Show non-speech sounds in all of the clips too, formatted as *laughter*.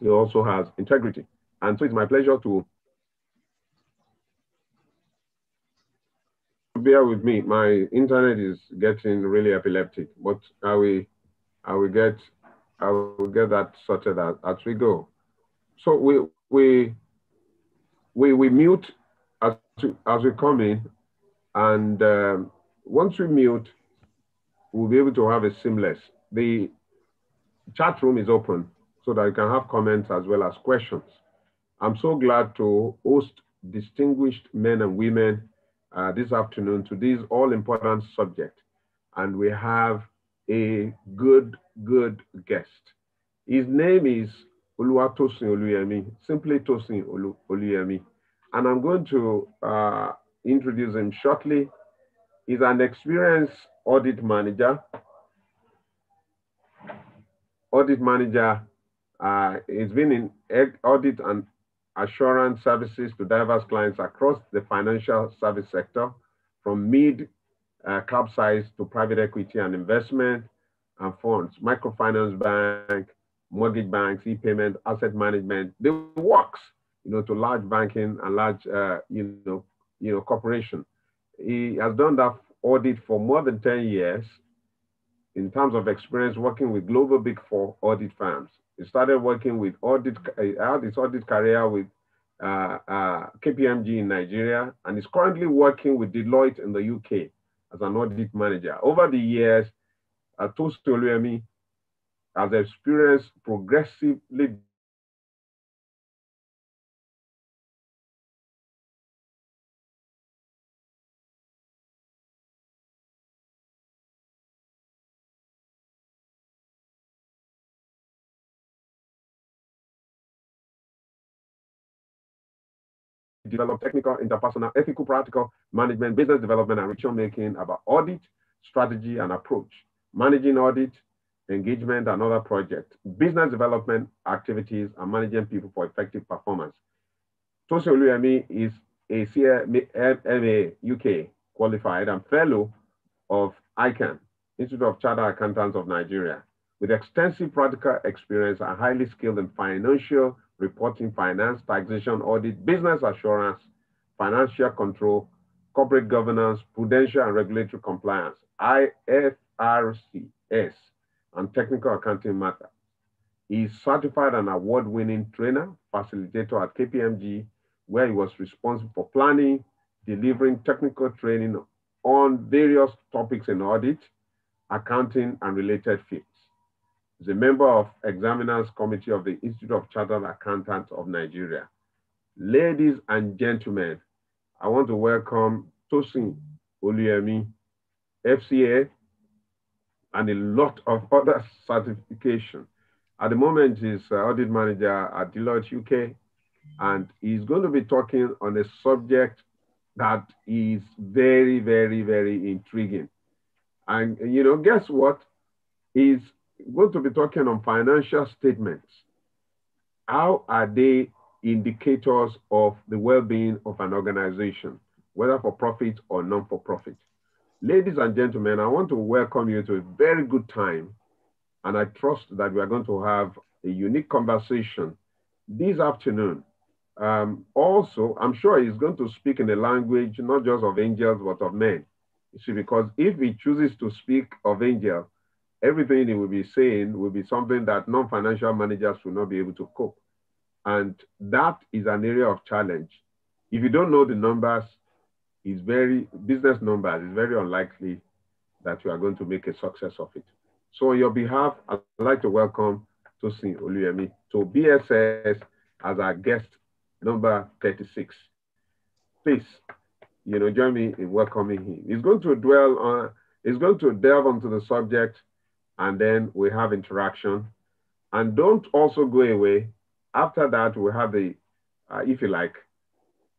He also has integrity. And so it's my pleasure to bear with me. My internet is getting really epileptic, but I will, I will get, I will get that sorted out as we go. So we, we, we, we mute as, we, as we come in, and um, once we mute, we'll be able to have a seamless. The chat room is open so that you can have comments as well as questions. I'm so glad to host distinguished men and women uh, this afternoon to this all important subject. And we have a good, good guest. His name is Oluwatosin Oluyemi, simply Tosin Olu Oluyemi. And I'm going to uh, introduce him shortly. He's an experienced audit manager, audit manager uh, it's been in audit and assurance services to diverse clients across the financial service sector, from mid uh, club size to private equity and investment and funds, microfinance bank, mortgage banks, e-payment, asset management, They works, you know, to large banking and large, uh, you know, you know, corporation. He has done that audit for more than 10 years in terms of experience working with global big four audit firms started working with audit, I uh, had his audit career with uh, uh, KPMG in Nigeria, and is currently working with Deloitte in the UK as an audit manager. Over the years, Atos Toluemi has experienced progressively develop technical, interpersonal, ethical, practical management, business development, and ritual making about audit, strategy, and approach, managing audit, engagement, and other projects, business development activities, and managing people for effective performance. Tosi Oluyemi is a CMA UK qualified and fellow of ICANN, Institute of Chartered Accountants of Nigeria, with extensive practical experience and highly skilled in financial reporting, finance, taxation, audit, business assurance, financial control, corporate governance, prudential and regulatory compliance, IFRCS, and technical accounting matter. He is certified and award-winning trainer, facilitator at KPMG, where he was responsible for planning, delivering technical training on various topics in audit, accounting, and related fields is a member of Examiners Committee of the Institute of Chartered Accountants of Nigeria. Ladies and gentlemen, I want to welcome Tosin Oluyemi, FCA, and a lot of other certification. At the moment, he's uh, audit manager at Deloitte UK, and he's going to be talking on a subject that is very, very, very intriguing. And you know, guess what? Is going to be talking on financial statements. How are they indicators of the well-being of an organization, whether for profit or non-for-profit? Ladies and gentlemen, I want to welcome you to a very good time, and I trust that we are going to have a unique conversation this afternoon. Um, also, I'm sure he's going to speak in a language not just of angels, but of men. You see, because if he chooses to speak of angels, everything he will be saying will be something that non-financial managers will not be able to cope. And that is an area of challenge. If you don't know the numbers, it's very business numbers, it's very unlikely that you are going to make a success of it. So on your behalf, I'd like to welcome Tosin Oluyemi to BSS as our guest number 36. Please, you know, join me in welcoming him. He's going to dwell on, he's going to delve onto the subject and then we have interaction. And don't also go away. After that, we have the, uh, if you like,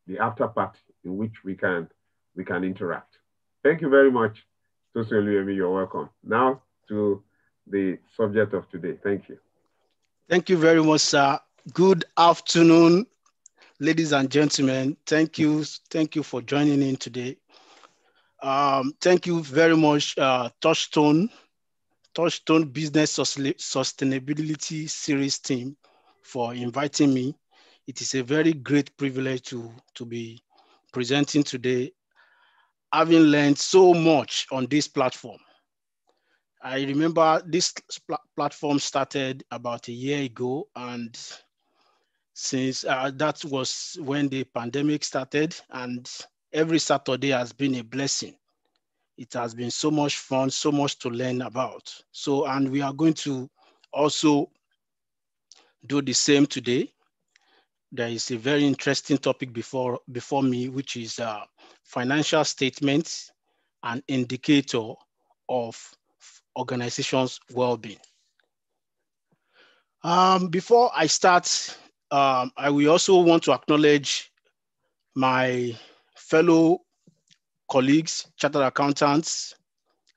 the after part in which we can we can interact. Thank you very much, Tosin Oluyemi. You're welcome. Now to the subject of today. Thank you. Thank you very much, sir. Good afternoon, ladies and gentlemen. Thank you. Thank you for joining in today. Um, thank you very much, uh, Touchstone Touchstone Business Sustainability Series team for inviting me. It is a very great privilege to, to be presenting today, having learned so much on this platform. I remember this pl platform started about a year ago, and since uh, that was when the pandemic started, and every Saturday has been a blessing. It has been so much fun, so much to learn about. So, and we are going to also do the same today. There is a very interesting topic before, before me, which is uh, financial statements an indicator of organization's well-being. Um, before I start, um, I will also want to acknowledge my fellow colleagues, chartered accountants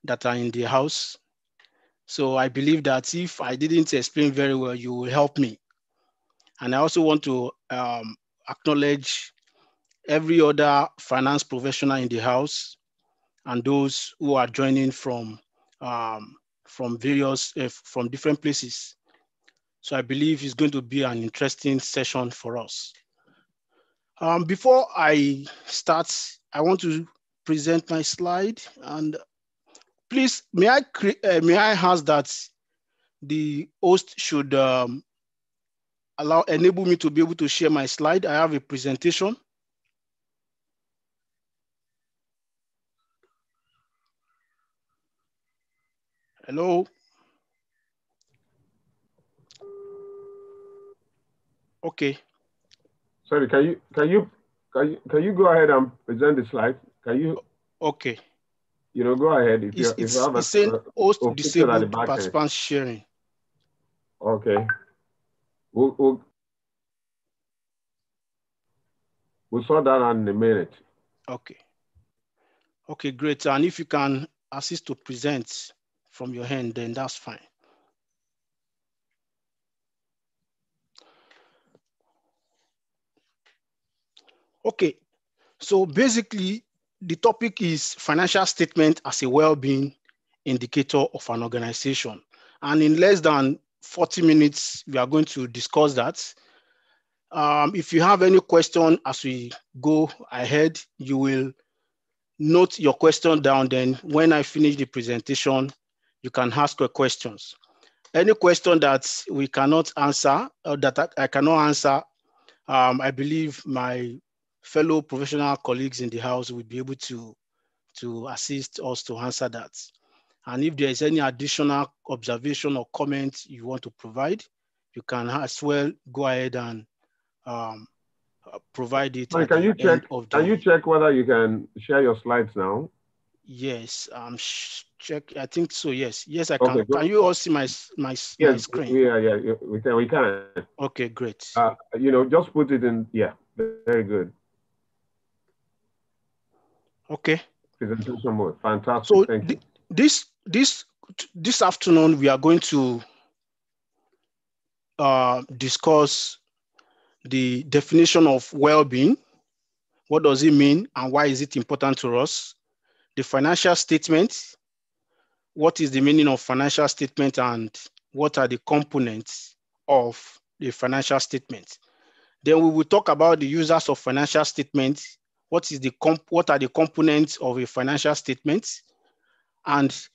that are in the house. So I believe that if I didn't explain very well, you will help me. And I also want to um, acknowledge every other finance professional in the house and those who are joining from, um, from various, uh, from different places. So I believe it's going to be an interesting session for us. Um, before I start, I want to present my slide. And please, may I, uh, may I ask that the host should um, allow, enable me to be able to share my slide. I have a presentation. Hello. Okay. Sorry, can you can you can you, can you go ahead and present the slide? Can you? Okay. You know, go ahead. If it's, you, it's, you have it's saying uh, host disabled participants sharing. Okay. We'll, we'll, we'll sort that out in a minute. Okay. Okay, great. And if you can assist to present from your hand, then that's fine. Okay, so basically the topic is financial statement as a well-being indicator of an organization. And in less than 40 minutes, we are going to discuss that. Um, if you have any question as we go ahead, you will note your question down. Then when I finish the presentation, you can ask your questions. Any question that we cannot answer, or uh, that I, cannot answer, um, I believe my fellow professional colleagues in the house will be able to, to assist us to answer that. And if there is any additional observation or comment you want to provide, you can as well go ahead and um, uh, provide it. Right, can you check? Can the... you check whether you can share your slides now? Yes, I'm check. I think so. Yes, yes, I can. can you all see my my, yes, my screen? Yeah, yeah, we can. We can. Okay, great. Uh, you know, just put it in. Yeah, very good. Okay. Presentation mode. Fantastic. So Thank you. this this this afternoon we are going to uh, discuss the definition of well-being. What does it mean and why is it important to us? The financial statement. What is the meaning of financial statement and what are the components of the financial statement? Then we will talk about the users of financial statements what is the what are the components of a financial statement and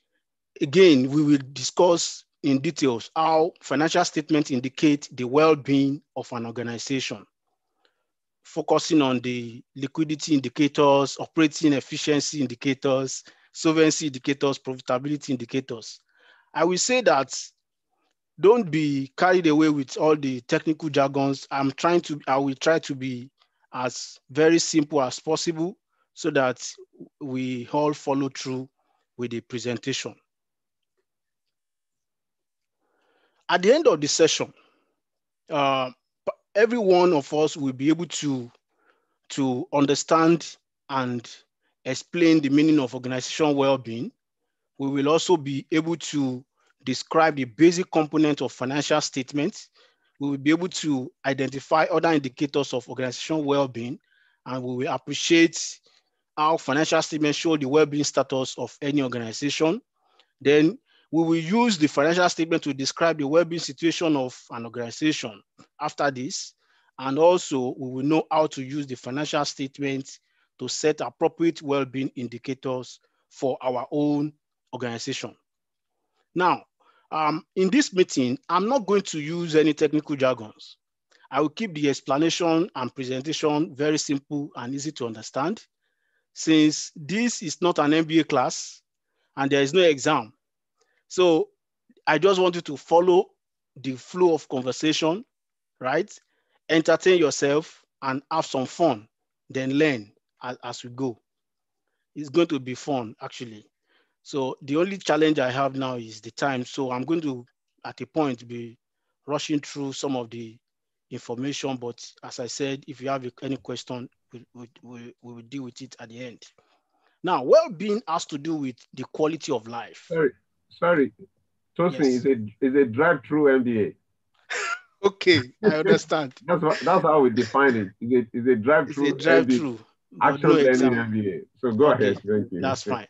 again we will discuss in details how financial statements indicate the well-being of an organization focusing on the liquidity indicators operating efficiency indicators solvency indicators profitability indicators i will say that don't be carried away with all the technical jargons i'm trying to i will try to be as very simple as possible so that we all follow through with the presentation. At the end of the session, uh, every one of us will be able to, to understand and explain the meaning of organizational well-being. We will also be able to describe the basic component of financial statements we will be able to identify other indicators of organizational well-being, and we will appreciate how financial statements show the well-being status of any organization. Then we will use the financial statement to describe the well-being situation of an organization after this. And also we will know how to use the financial statement to set appropriate well-being indicators for our own organization. Now, um, in this meeting, I'm not going to use any technical jargons. I will keep the explanation and presentation very simple and easy to understand since this is not an MBA class and there is no exam. So I just want you to follow the flow of conversation, right? Entertain yourself and have some fun, then learn as, as we go. It's going to be fun, actually. So the only challenge I have now is the time. So I'm going to, at a point, be rushing through some of the information. But as I said, if you have any question, we, we, we, will deal with it at the end. Now, well-being has to do with the quality of life. Sorry, sorry. Trust yes. is a is a drive-through MBA. *laughs* okay, I understand. *laughs* that's what, that's how we define it. It's a, a drive-through. drive-through. Actual no MBA. So go okay. ahead. Thank you. That's fine.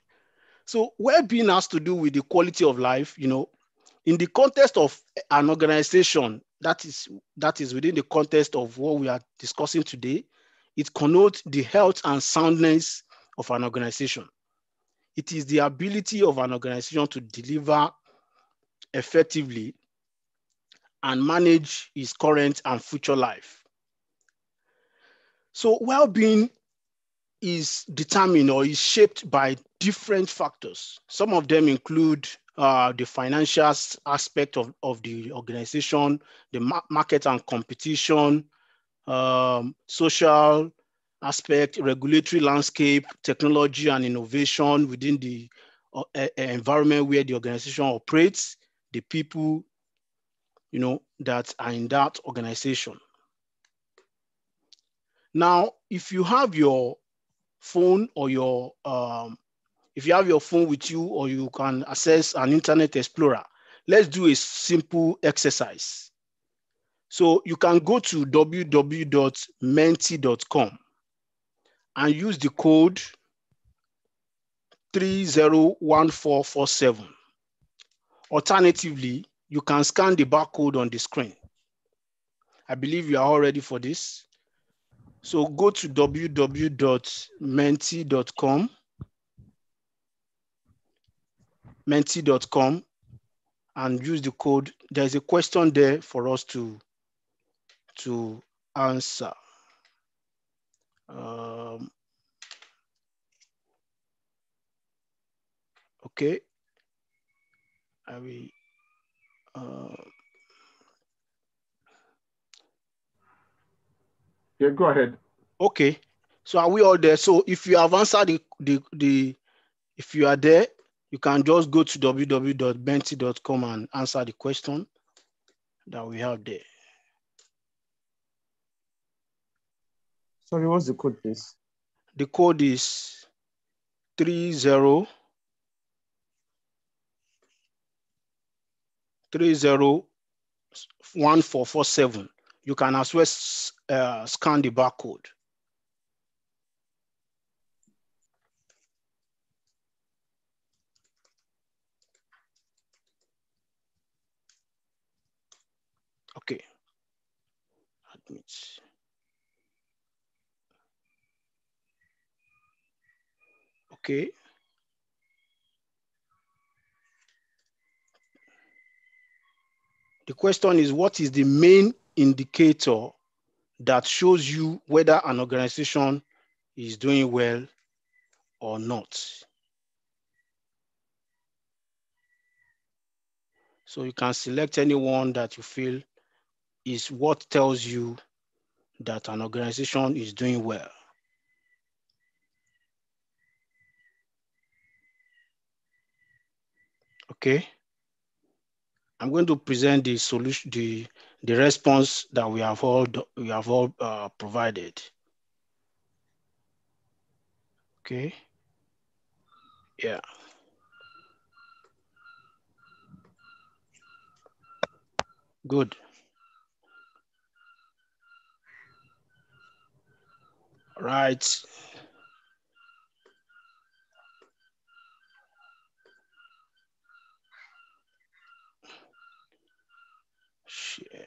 So well-being has to do with the quality of life, you know, in the context of an organization that is that is within the context of what we are discussing today, it connotes the health and soundness of an organization. It is the ability of an organization to deliver effectively and manage its current and future life. So well-being is determined or is shaped by different factors. Some of them include uh, the financial aspect of, of the organization, the ma market and competition, um, social aspect, regulatory landscape, technology and innovation within the uh, environment where the organization operates, the people you know, that are in that organization. Now, if you have your phone or your um, if you have your phone with you or you can access an Internet Explorer, let's do a simple exercise. So you can go to www.menti.com and use the code 301447. Alternatively, you can scan the barcode on the screen. I believe you are all ready for this. So go to www.menti.com menti.com and use the code. There's a question there for us to, to answer. Um, okay. I will. Uh, yeah, go ahead. Okay. So are we all there? So if you have answered the, the, the if you are there, you can just go to www.benty.com and answer the question that we have there. Sorry, what's the code, please? The code is 30 You can as well uh, scan the barcode. okay. The question is what is the main indicator that shows you whether an organization is doing well or not? So you can select anyone that you feel is what tells you that an organization is doing well. Okay. I'm going to present the solution, the, the response that we have all, we have all uh, provided. Okay. Yeah. Good. Right. Shit.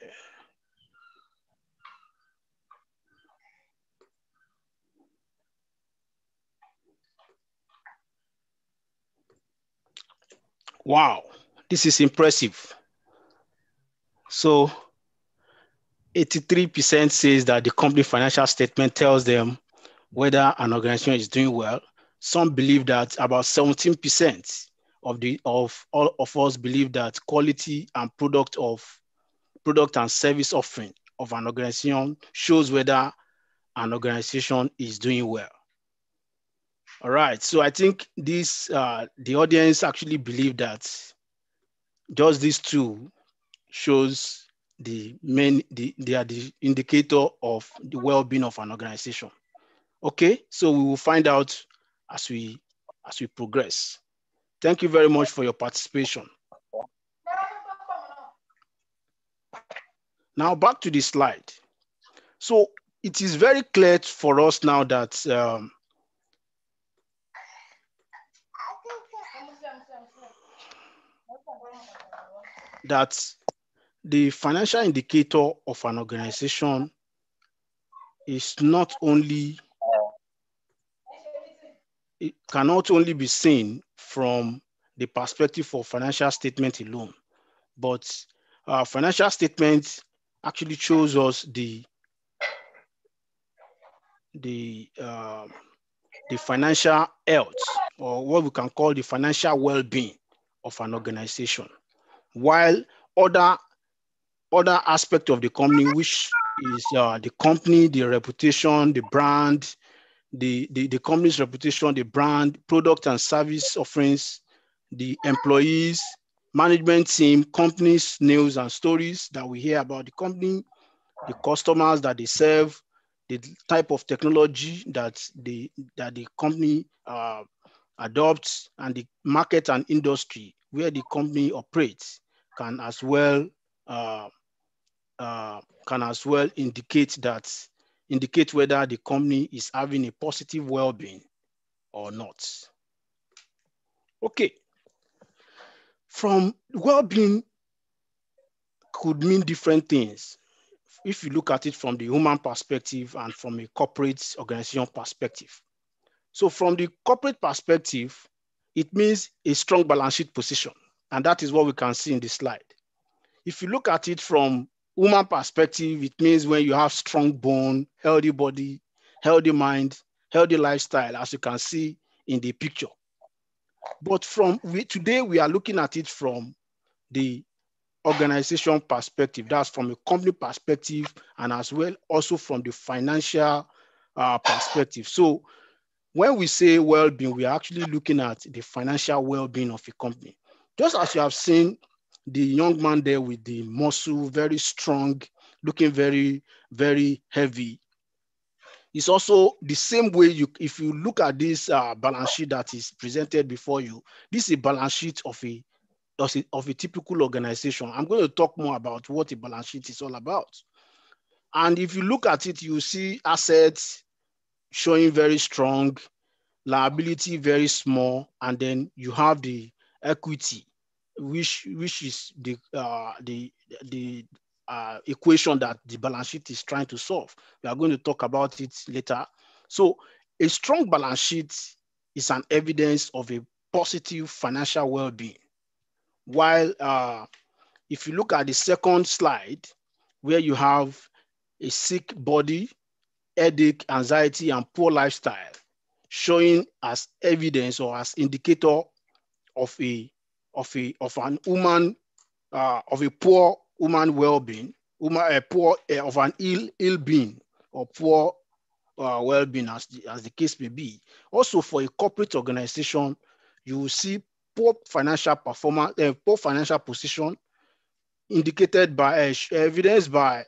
Wow, this is impressive. So 83% says that the company financial statement tells them whether an organization is doing well. Some believe that about 17% of the of all of us believe that quality and product of product and service offering of an organization shows whether an organization is doing well. All right, so I think this uh, the audience actually believe that just these two shows the main the, they are the indicator of the well-being of an organization. Okay, so we will find out as we as we progress. Thank you very much for your participation. Now back to the slide. So it is very clear for us now that um, that the financial indicator of an organization is not only it cannot only be seen from the perspective of financial statement alone, but uh, financial statement actually shows us the the uh, the financial health or what we can call the financial well-being of an organization while other other aspect of the company which is uh, the company the reputation the brand the, the, the company's reputation, the brand, product and service offerings, the employees, management team, companies, news and stories that we hear about the company, the customers that they serve, the type of technology that the, that the company uh, adopts, and the market and industry where the company operates can as well uh, uh, can as well indicate that indicate whether the company is having a positive well-being or not. Okay. From well-being could mean different things. If you look at it from the human perspective and from a corporate organization perspective. So from the corporate perspective, it means a strong balance sheet position. And that is what we can see in this slide. If you look at it from woman perspective, it means when you have strong bone, healthy body, healthy mind, healthy lifestyle, as you can see in the picture. But from we, today, we are looking at it from the organization perspective. That's from a company perspective, and as well also from the financial uh, perspective. So when we say well-being, we are actually looking at the financial well-being of a company. Just as you have seen the young man there with the muscle, very strong, looking very, very heavy. It's also the same way you, if you look at this uh, balance sheet that is presented before you, this is a balance sheet of a, of a, of a typical organization. I'm going to talk more about what a balance sheet is all about. And if you look at it, you see assets showing very strong, liability very small, and then you have the equity which which is the uh, the the uh, equation that the balance sheet is trying to solve. We are going to talk about it later. So a strong balance sheet is an evidence of a positive financial well-being. While uh, if you look at the second slide, where you have a sick body, headache, anxiety, and poor lifestyle, showing as evidence or as indicator of a of a of an woman uh, of a poor woman well-being, woman a poor uh, of an ill ill being or poor uh, well-being as the, as the case may be. Also, for a corporate organization, you will see poor financial performance, eh, poor financial position, indicated by eh, evidence by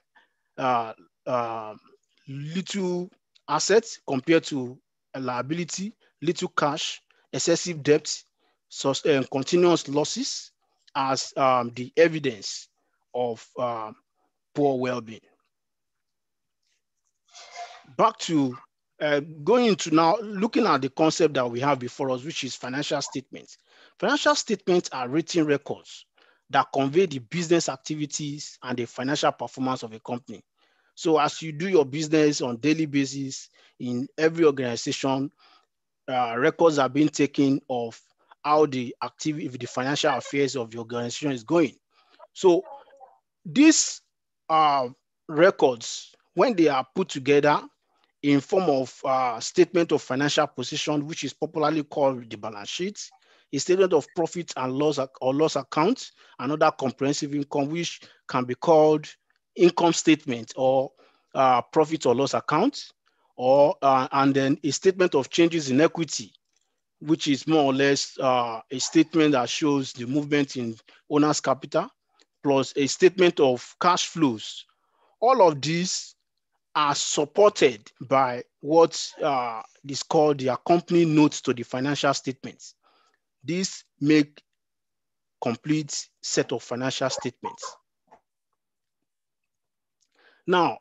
uh, um, little assets compared to liability, little cash, excessive debt, sus- uh, continuous losses as um, the evidence of um, poor well-being. Back to uh, going to now looking at the concept that we have before us, which is financial statements. Financial statements are written records that convey the business activities and the financial performance of a company. So as you do your business on daily basis in every organization, uh, records are being taken of how the activity, the financial affairs of the organization is going. So these uh, um, records, when they are put together in form of uh, statement of financial position, which is popularly called the balance sheet, a statement of profit and loss or loss account, another comprehensive income, which can be called income statement or uh, profit or loss account, or uh, and then a statement of changes in equity which is more or less uh, a statement that shows the movement in owner's capital, plus a statement of cash flows. All of these are supported by what uh, is called the accompanying notes to the financial statements. These make complete set of financial statements. Now,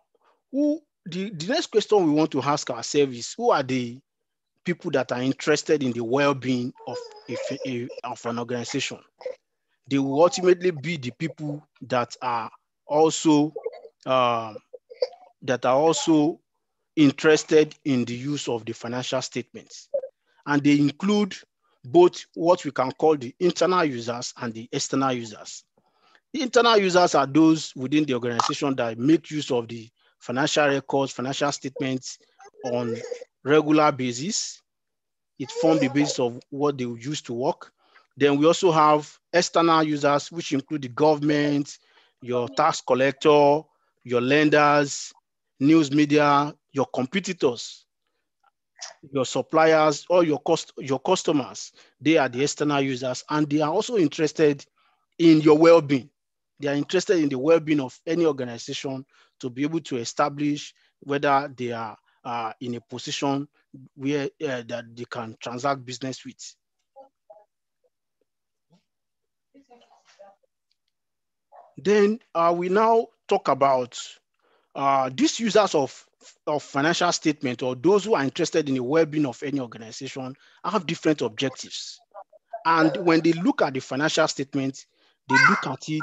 who the, the next question we want to ask ourselves is who are the people that are interested in the well-being of, a, of an organization. They will ultimately be the people that are also uh, that are also interested in the use of the financial statements. And they include both what we can call the internal users and the external users. The internal users are those within the organization that make use of the financial records, financial statements, on regular basis. It formed the basis of what they use to work. Then we also have external users, which include the government, your tax collector, your lenders, news media, your competitors, your suppliers, or your cost your customers. They are the external users, and they are also interested in your well-being. They are interested in the well-being of any organization to be able to establish whether they are uh, in a position where uh, that they can transact business with. Then uh, we now talk about uh, these users of, of financial statement or those who are interested in the well-being of any organization have different objectives. And when they look at the financial statement, they look at it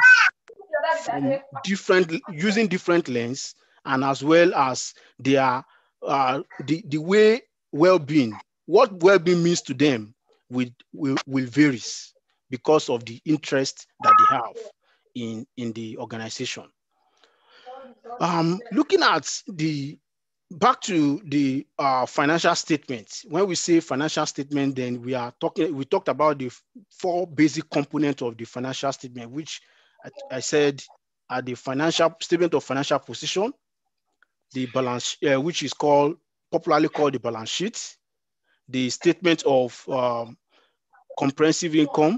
from different, using different lens and as well as they are uh, the, the way well-being, what well-being means to them will, will, will varies because of the interest that they have in, in the organization. Um, looking at the, back to the uh, financial statements. When we say financial statement, then we are talking, we talked about the four basic components of the financial statement, which I, I said are the financial statement of financial position, the balance, uh, which is called popularly called the balance sheet, the statement of um, comprehensive income,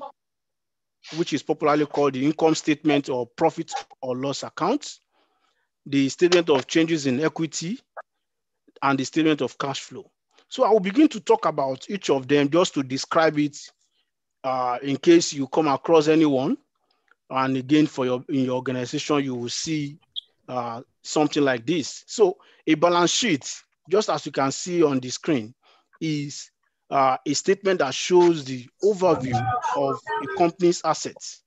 which is popularly called the income statement or profit or loss account, the statement of changes in equity, and the statement of cash flow. So I will begin to talk about each of them just to describe it uh, in case you come across anyone. And again, for your in your organization, you will see uh, something like this. So a balance sheet, just as you can see on the screen, is uh, a statement that shows the overview of a company's assets.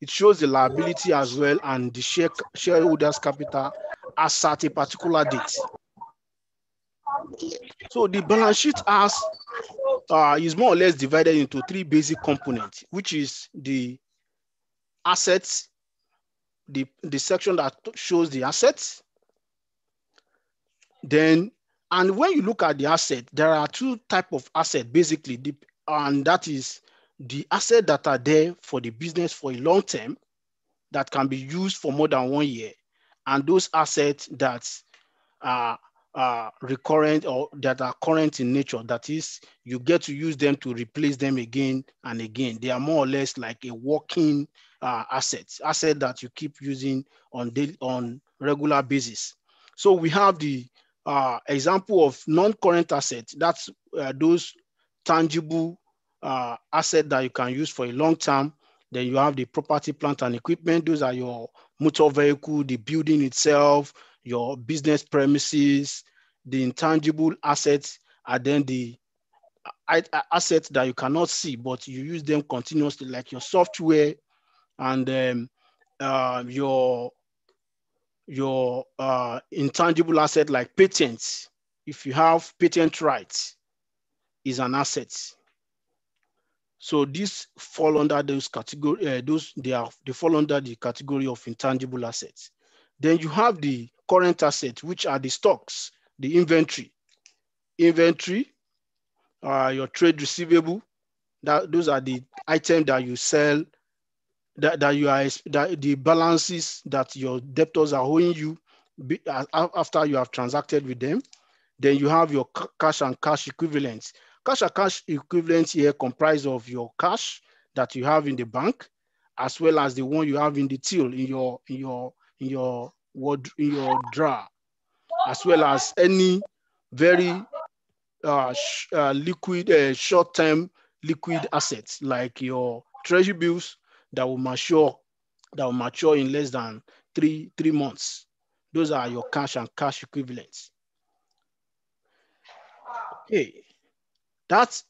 It shows the liability as well and the share, shareholders' capital as at a particular date. So the balance sheet has, uh, is more or less divided into three basic components, which is the assets, the, the section that shows the assets. Then, and when you look at the asset, there are two type of asset basically, the, and that is the asset that are there for the business for a long term that can be used for more than one year, and those assets that are, are recurrent or that are current in nature. That is, you get to use them to replace them again and again. They are more or less like a working uh, assets, asset that you keep using on daily, on regular basis. So we have the uh, example of non-current assets. That's uh, those tangible uh, asset that you can use for a long term. Then you have the property, plant, and equipment. Those are your motor vehicle, the building itself, your business premises, the intangible assets and then the uh, uh, assets that you cannot see, but you use them continuously, like your software, and um, uh, your your uh, intangible asset like patents, if you have patent rights, is an asset. So these fall under those category. Uh, those they are they fall under the category of intangible assets. Then you have the current assets, which are the stocks, the inventory, inventory, uh, your trade receivable. That those are the items that you sell that, that you are that the balances that your debtors are owing you be, after you have transacted with them. Then you have your cash and cash equivalents. Cash and cash equivalents here comprise of your cash that you have in the bank, as well as the one you have in the till in your in your in your ward in your drawer, as well as any very uh, uh, liquid uh, short-term liquid assets like your treasury bills that will mature, that will mature in less than three, three months. Those are your cash and cash equivalents. Okay, that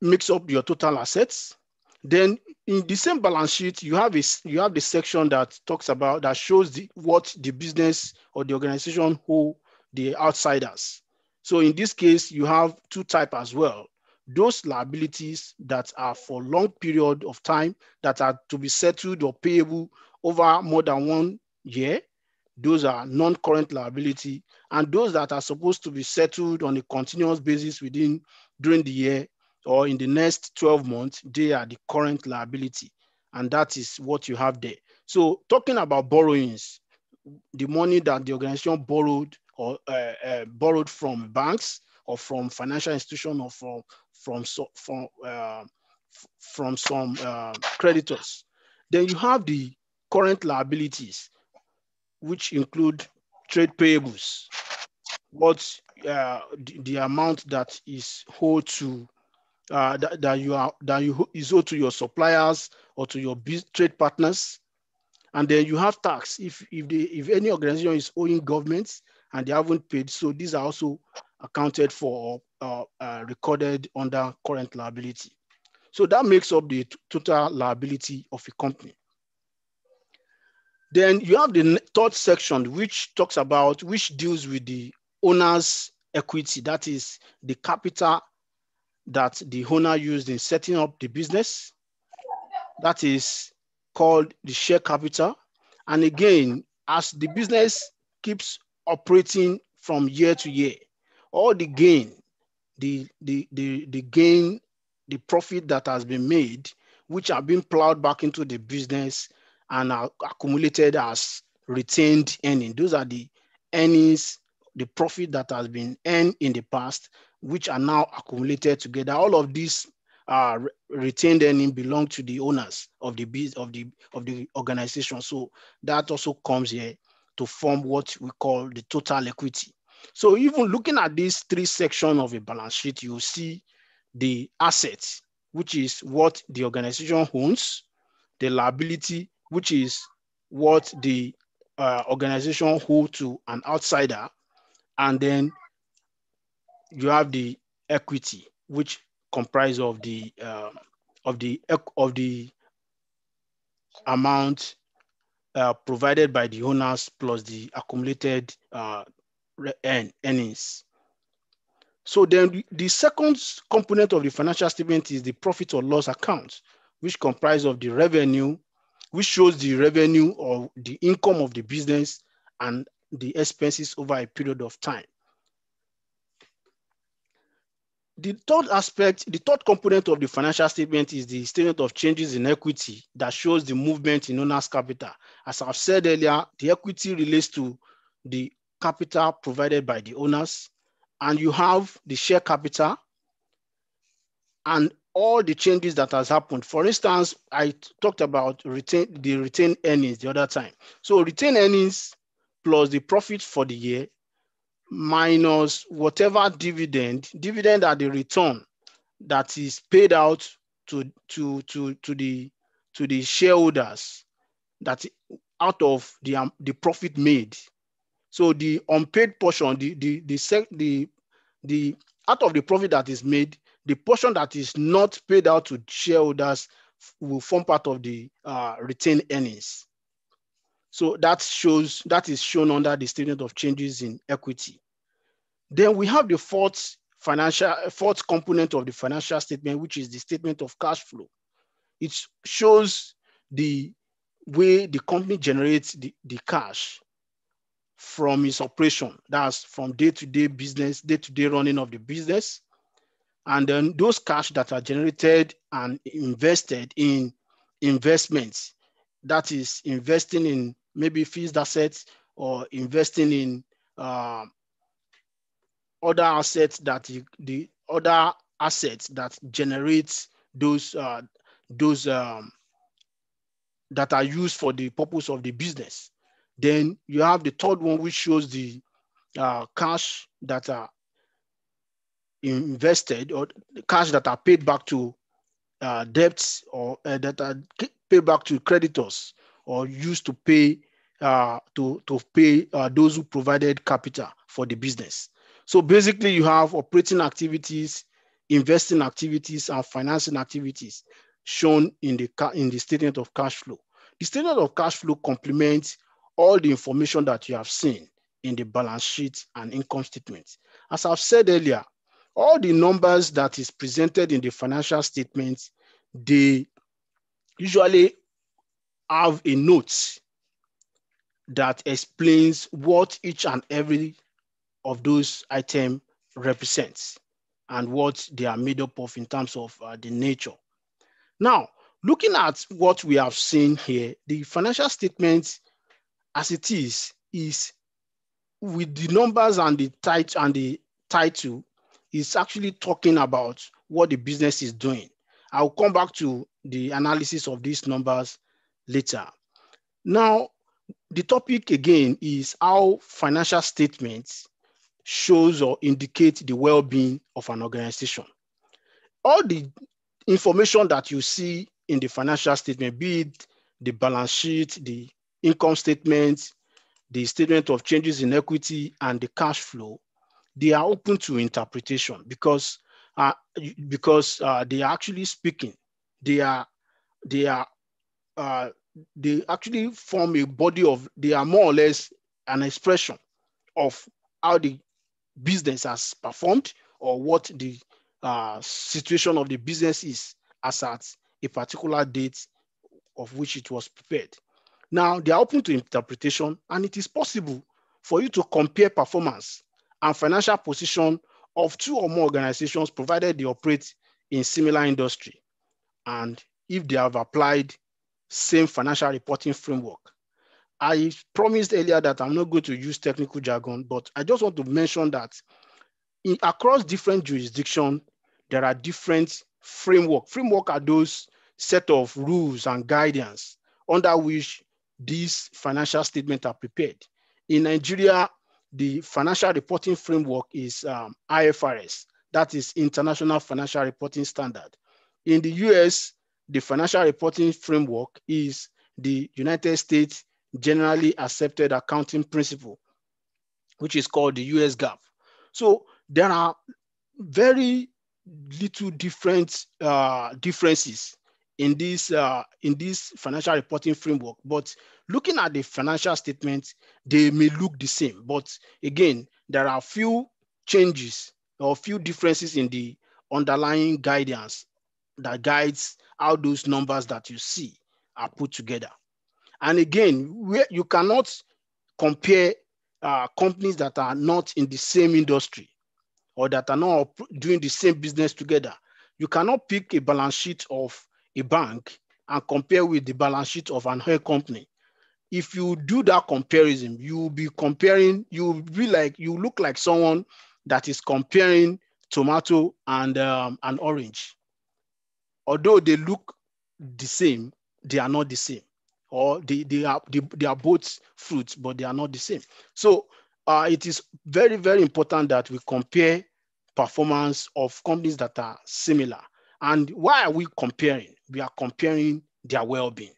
makes up your total assets. Then in the same balance sheet, you have a, you have the section that talks about that shows the, what the business or the organization who the outsiders. So in this case, you have two type as well those liabilities that are for long period of time that are to be settled or payable over more than one year, those are non-current liability. And those that are supposed to be settled on a continuous basis within during the year or in the next 12 months, they are the current liability. And that is what you have there. So talking about borrowings, the money that the organization borrowed or uh, uh, borrowed from banks, or from financial institution or from from so, from uh, from some uh, creditors. Then you have the current liabilities, which include trade payables, what uh, the, the, amount that is owed to uh, that, that, you are that you is owed to your suppliers or to your trade partners, and then you have tax. If if the if any organization is owing governments and they haven't paid, so these are also accounted for or uh, uh, recorded under current liability. So that makes up the total liability of a company. Then you have the third section, which talks about, which deals with the owner's equity. That is the capital that the owner used in setting up the business. That is called the share capital. And again, as the business keeps operating from year to year, all the gain, the, the, the, the gain, the profit that has been made, which are being plowed back into the business and are accumulated as retained earnings. Those are the earnings, the profit that has been earned in the past, which are now accumulated together. All of these are retained earning belong to the owners of the biz, of the of the organization. So that also comes here to form what we call the total equity. So even looking at these three sections of a balance sheet, you see the assets, which is what the organization owns, the liability, which is what the uh, organization holds to an outsider, and then you have the equity, which comprise of the uh, of the of the amount uh, provided by the owners plus the accumulated uh, earnings. So then the second component of the financial statement is the profit or loss account, which comprises of the revenue, which shows the revenue or the income of the business and the expenses over a period of time. The third aspect, the third component of the financial statement is the statement of changes in equity that shows the movement in owner's capital. As I've said earlier, the equity relates to the capital provided by the owners, and you have the share capital and all the changes that has happened. For instance, I talked about retain, the retained earnings the other time. So retained earnings plus the profit for the year minus whatever dividend, dividend at the return that is paid out to, to, to, to, the, to the shareholders that out of the, um, the profit made so the unpaid portion, the the the the, the out of the profit that is made, the portion that is not paid out to shareholders will form part of the uh, retained earnings. So that shows that is shown under the statement of changes in equity. Then we have the fourth financial fourth component of the financial statement, which is the statement of cash flow. It shows the way the company generates the, the cash from his operation. That's from day-to-day -day business, day-to-day -day running of the business. And then those cash that are generated and invested in investments, that is investing in maybe fixed assets or investing in uh, other assets that you, the other assets that generates those uh, those um, that are used for the purpose of the business. Then you have the third one, which shows the uh, cash that are invested or the cash that are paid back to uh, debts or uh, that are paid back to creditors or used to pay uh, to, to pay uh, those who provided capital for the business. So basically you have operating activities, investing activities and financing activities shown in the, in the statement of cash flow. The statement of cash flow complements all the information that you have seen in the balance sheet and income statement. As I've said earlier, all the numbers that is presented in the financial statements, they usually have a note that explains what each and every of those item represents and what they are made up of in terms of uh, the nature. Now, looking at what we have seen here, the financial statements as it is, is with the numbers and the title and the title is actually talking about what the business is doing. I'll come back to the analysis of these numbers later. Now, the topic again is how financial statements shows or indicate the well-being of an organization. All the information that you see in the financial statement, be it the balance sheet, the income statement, the statement of changes in equity, and the cash flow, they are open to interpretation because uh, because uh, they are actually speaking. They are they are uh, they actually form a body of they are more or less an expression of how the business has performed or what the uh, situation of the business is as at a particular date of which it was prepared. Now they are open to interpretation, and it is possible for you to compare performance and financial position of two or more organizations provided they operate in similar industry and if they have applied same financial reporting framework. I promised earlier that I'm not going to use technical jargon, but I just want to mention that in, across different jurisdiction, there are different framework. Framework are those set of rules and guidance under which these financial statements are prepared. In Nigeria, the financial reporting framework is um, IFRS, that is International Financial Reporting Standard. In the US, the financial reporting framework is the United States Generally Accepted Accounting Principle, which is called the US GAAP. So there are very little different uh, differences in this uh, in this financial reporting framework. But looking at the financial statements, they may look the same. But again, there are few changes or few differences in the underlying guidance that guides how those numbers that you see are put together. And again, where you cannot compare uh, companies that are not in the same industry or that are not doing the same business together. You cannot pick a balance sheet of a bank and compare with the balance sheet of an oil company, if you do that comparison, you'll be comparing, you'll be like, you look like someone that is comparing tomato and um, an orange. Although they look the same, they are not the same. Or they, they, are, they, they are both fruits, but they are not the same. So uh, it is very, very important that we compare performance of companies that are similar and why are we comparing? We are comparing their well-being.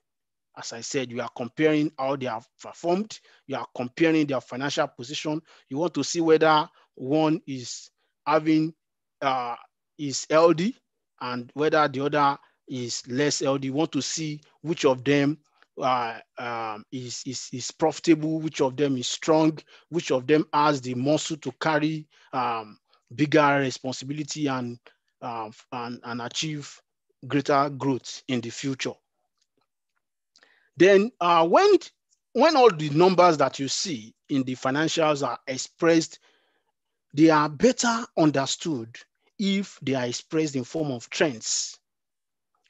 As I said, you are comparing how they have performed. You are comparing their financial position. You want to see whether one is having uh, is LD and whether the other is less LD. You want to see which of them uh, um, is, is, is profitable, which of them is strong, which of them has the muscle to carry um, bigger responsibility and uh, and, and achieve greater growth in the future. Then uh, when, when all the numbers that you see in the financials are expressed, they are better understood if they are expressed in form of trends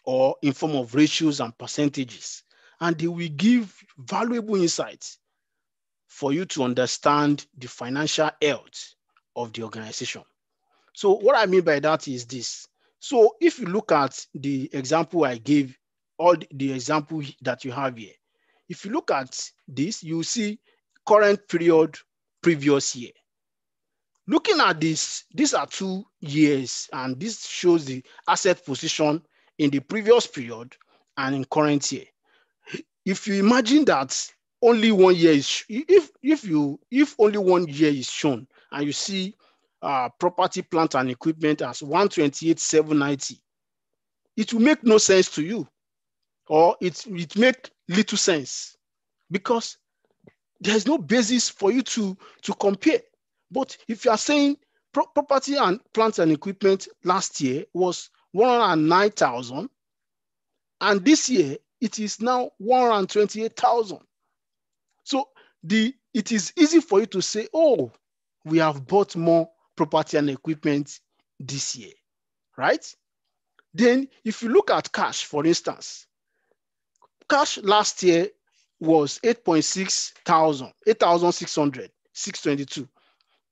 or in form of ratios and percentages. And they will give valuable insights for you to understand the financial health of the organization. So what I mean by that is this. So if you look at the example I gave, all the example that you have here, if you look at this, you see current period, previous year. Looking at this, these are two years, and this shows the asset position in the previous period and in current year. If you imagine that only one year is, if, if, you, if only one year is shown, and you see uh, property, plant, and equipment as 128,790. It will make no sense to you, or it, it make little sense because there's no basis for you to, to compare. But if you are saying pro property and plant and equipment last year was 109,000, and this year it is now 128,000. So the it is easy for you to say, oh, we have bought more property and equipment this year, right? Then if you look at cash, for instance, cash last year was 8.6 thousand, 8,600,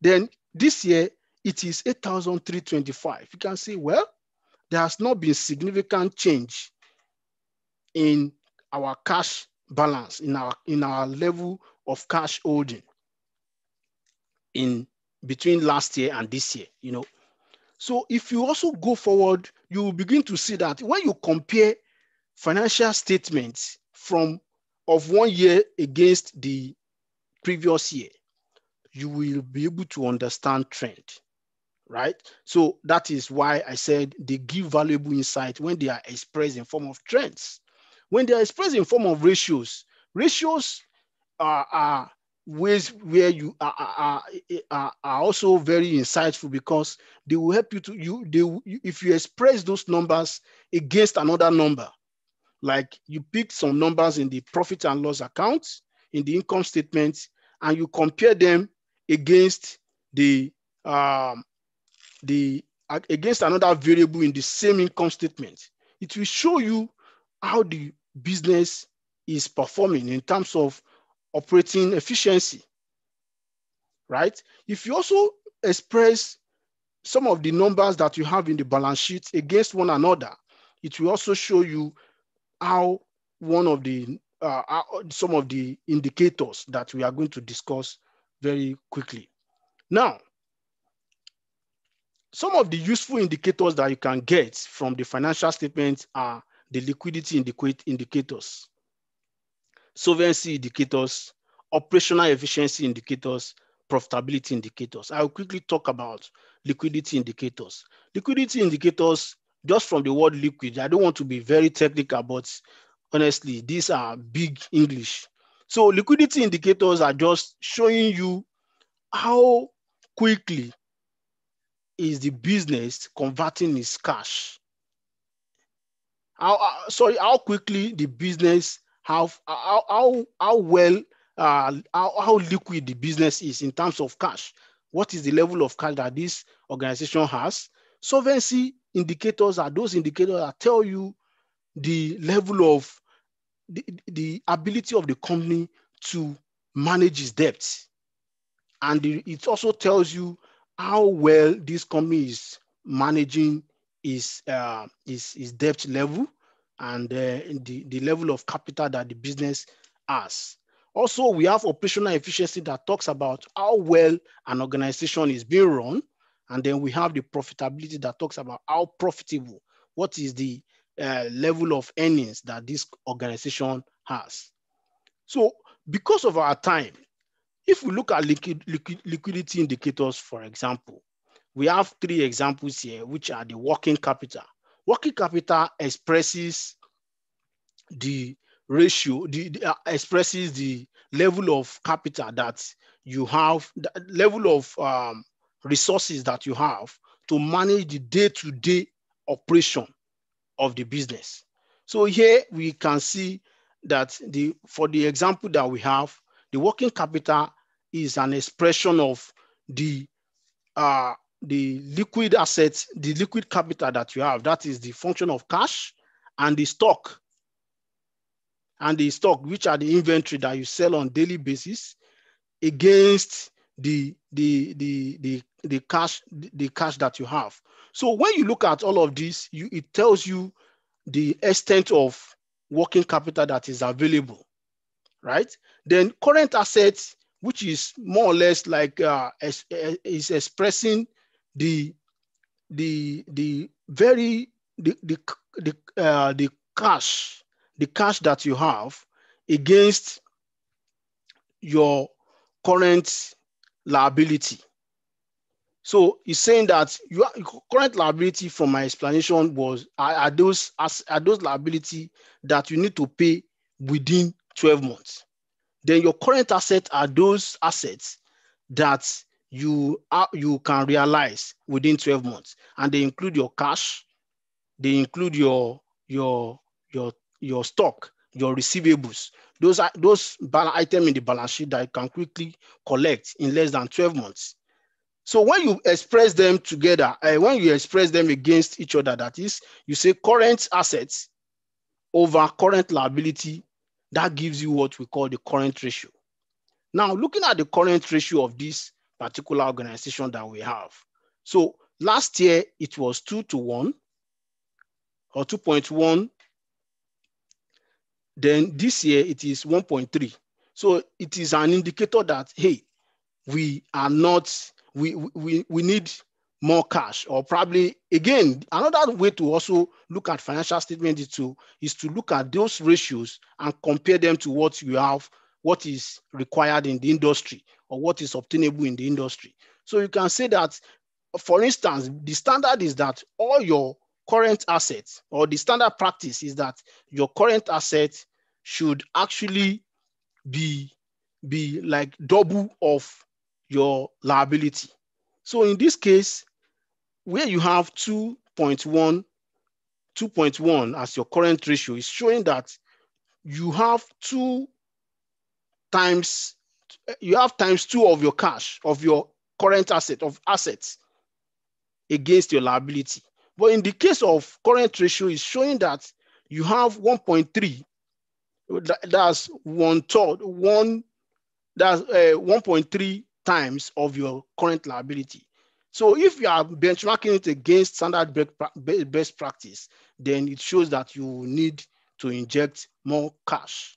Then this year, it is 8,325. You can see, well, there has not been significant change in our cash balance, in our, in our level of cash holding in between last year and this year, you know. So if you also go forward, you will begin to see that when you compare financial statements from of one year against the previous year, you will be able to understand trend, right? So that is why I said they give valuable insight when they are expressed in form of trends. When they are expressed in form of ratios, ratios are, are ways where you are, eh, are, are, also very insightful because they will help you to you they if you express those numbers against another number like you pick some numbers in the profit and loss account in the income statement and you compare them against the um, the uh, against another variable in the same income statement it will show you how the business is performing in terms of operating efficiency, right? If you also express some of the numbers that you have in the balance sheet against one another, it will also show you how one of the uh, some of the indicators that we are going to discuss very quickly. Now, some of the useful indicators that you can get from the financial statements are the liquidity indicators solvency indicators, operational efficiency indicators, profitability indicators. I'll quickly talk about liquidity indicators. Liquidity indicators, just from the word liquid, I don't want to be very technical, but honestly, these are big English. So liquidity indicators are just showing you how quickly is the business converting its cash. How, uh, sorry, how quickly the business how how how, well uh, how, how liquid the business is in terms of cash. What is the level of cash that this organization has? Solvency indicators are those indicators that tell you the level of the, the ability of the company to manage its debts. And it also tells you how well this company is managing its, uh, its, its debt level and uh, the, the level of capital that the business has. Also, we have operational efficiency that talks about how well an organization is being run. And then we have the profitability that talks about how profitable, what is the uh, level of earnings that this organization has. So because of our time, if we look at liquid, liquid, liquidity indicators, for example, we have three examples here, which are the working capital, Working capital expresses the ratio, the, the uh, expresses the level of capital that you have, the level of um, resources that you have to manage the day-to-day operation of the business. So here we can see that the for the example that we have, the working capital is an expression of the uh, the liquid assets, the liquid capital that you have, that is the function of cash and the stock. And the stock, which are the inventory that you sell on daily basis against the, the, the, the, the cash, the cash that you have. So when you look at all of this, you, it tells you the extent of working capital that is available, right? Then current assets, which is more or less like uh, eh, is expressing the the the very the the the, uh, the cash the cash that you have against your current liability. So he's saying that your current liability from my explanation was are, are those are those liability that you need to pay within 12 months. Then your current assets are those assets that you are, you can realize within 12 months and they include your cash they include your your your your stock your receivables those are those item in the balance sheet that you can quickly collect in less than 12 months so when you express them together uh, when you express them against each other that is you say current assets over current liability that gives you what we call the current ratio now looking at the current ratio of this particular organization that we have. So last year it was two to one or 2.1. Then this year it is 1.3. So it is an indicator that, hey, we are not, we, we, we need more cash or probably again another way to also look at financial statement is to is to look at those ratios and compare them to what you have what is required in the industry or what is obtainable in the industry. So you can say that, for instance, the standard is that all your current assets or the standard practice is that your current asset should actually be, be like double of your liability. So in this case, where you have 2.1, 2.1 as your current ratio is showing that you have two times you have times two of your cash of your current asset of assets against your liability. But in the case of current ratio, is showing that you have 1.3. That's one third, one that's uh, 1.3 times of your current liability. So if you are benchmarking it against standard best practice, then it shows that you need to inject more cash.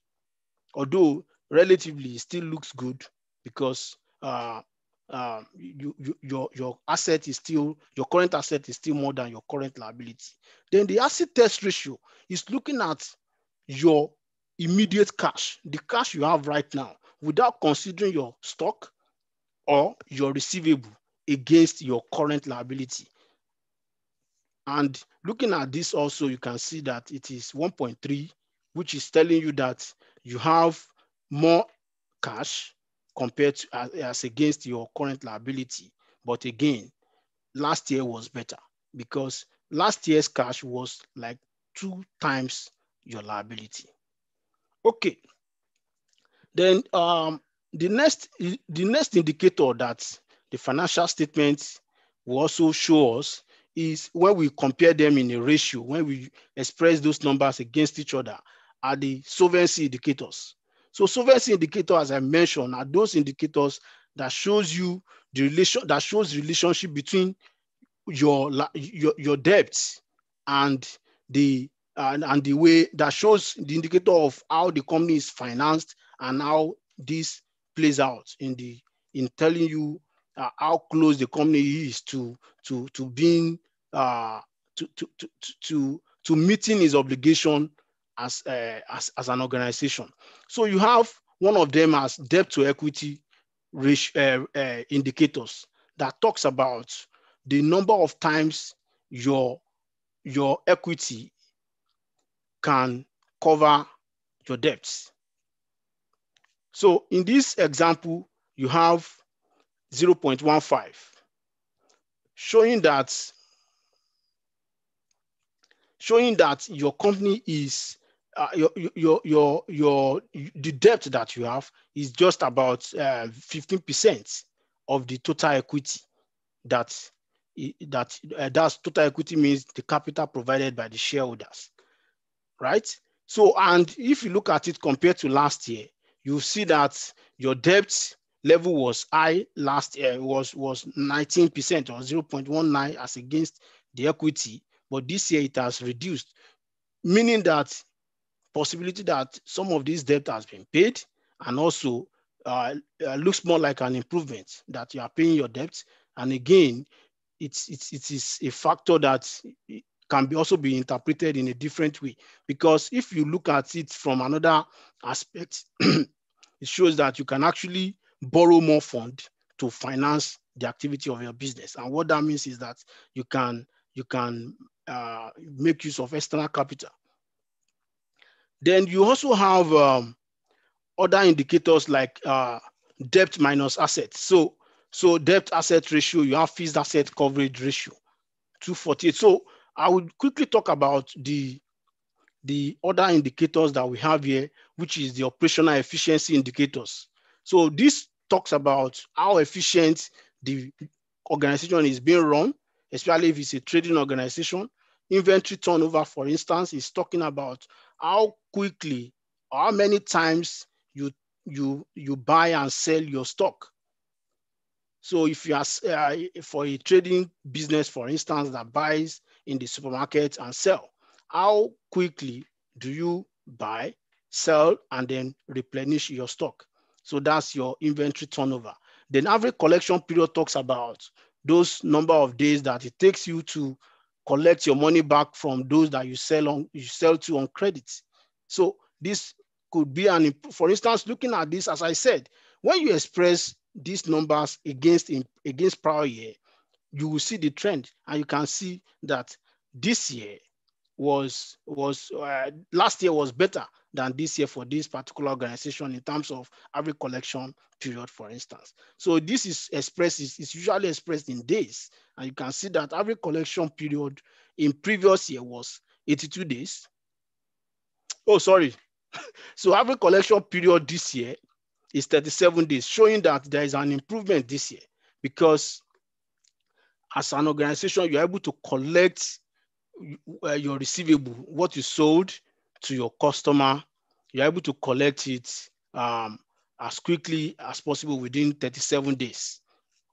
Although relatively still looks good because uh, uh, you, you, your, your asset is still, your current asset is still more than your current liability. Then the asset test ratio is looking at your immediate cash, the cash you have right now, without considering your stock or your receivable against your current liability. And looking at this also, you can see that it is 1.3, which is telling you that you have more cash compared to as, as against your current liability. But again, last year was better because last year's cash was like two times your liability. Okay. Then um, the next the next indicator that the financial statements will also show us is when we compare them in a ratio, when we express those numbers against each other, are the solvency indicators. So solvency indicators, as I mentioned, are those indicators that shows you the relation that shows relationship between your your, your debts and the and, and the way that shows the indicator of how the company is financed and how this plays out in the in telling you uh, how close the company is to to to being uh, to, to, to to to meeting his obligation as, uh, as, as an organization. So you have one of them as debt to equity uh, uh, indicators that talks about the number of times your, your equity can cover your debts. So in this example, you have 0.15, showing that showing that your company is uh, your, your your your the debt that you have is just about uh, fifteen uh, percent of the total equity that that uh, that's total equity means the capital provided by the shareholders, right? So and if you look at it compared to last year, you see that your debt level was high last year was was nineteen percent or zero point one nine as against the equity, but this year it has reduced, meaning that possibility that some of this debt has been paid and also uh, uh, looks more like an improvement that you are paying your debt. And again, it's, it's, it is a factor that can be also be interpreted in a different way. Because if you look at it from another aspect, *clears throat* it shows that you can actually borrow more fund to finance the activity of your business. And what that means is that you can, you can uh, make use of external capital then you also have um, other indicators like uh, debt minus assets. So, so debt asset ratio, you have fixed asset coverage ratio, 248. So I would quickly talk about the, the other indicators that we have here, which is the operational efficiency indicators. So this talks about how efficient the organization is being run, especially if it's a trading organization. Inventory turnover, for instance, is talking about how quickly how many times you you you buy and sell your stock so if you are uh, for a trading business for instance that buys in the supermarket and sell how quickly do you buy sell and then replenish your stock so that's your inventory turnover then every collection period talks about those number of days that it takes you to collect your money back from those that you sell on you sell to on credit so this could be an, for instance, looking at this, as I said, when you express these numbers against, against prior year, you will see the trend and you can see that this year was, was uh, last year was better than this year for this particular organization in terms of every collection period, for instance. So this is expressed, it's usually expressed in days. And you can see that every collection period in previous year was 82 days. Oh, sorry. *laughs* so average collection period this year is 37 days, showing that there is an improvement this year because as an organization, you're able to collect uh, your receivable, what you sold to your customer, you're able to collect it um, as quickly as possible within 37 days,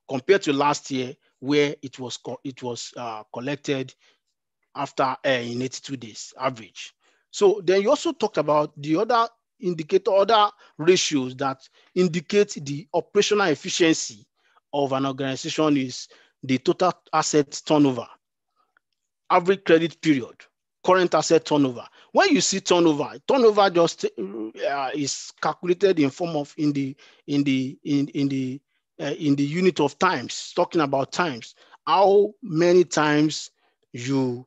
compared to last year where it was it was uh, collected after uh, in 82 days average. So then you also talked about the other indicator, other ratios that indicate the operational efficiency of an organization is the total asset turnover, average credit period, current asset turnover. When you see turnover, turnover just uh, is calculated in form of in the in the in in the uh, in the unit of times, talking about times, how many times you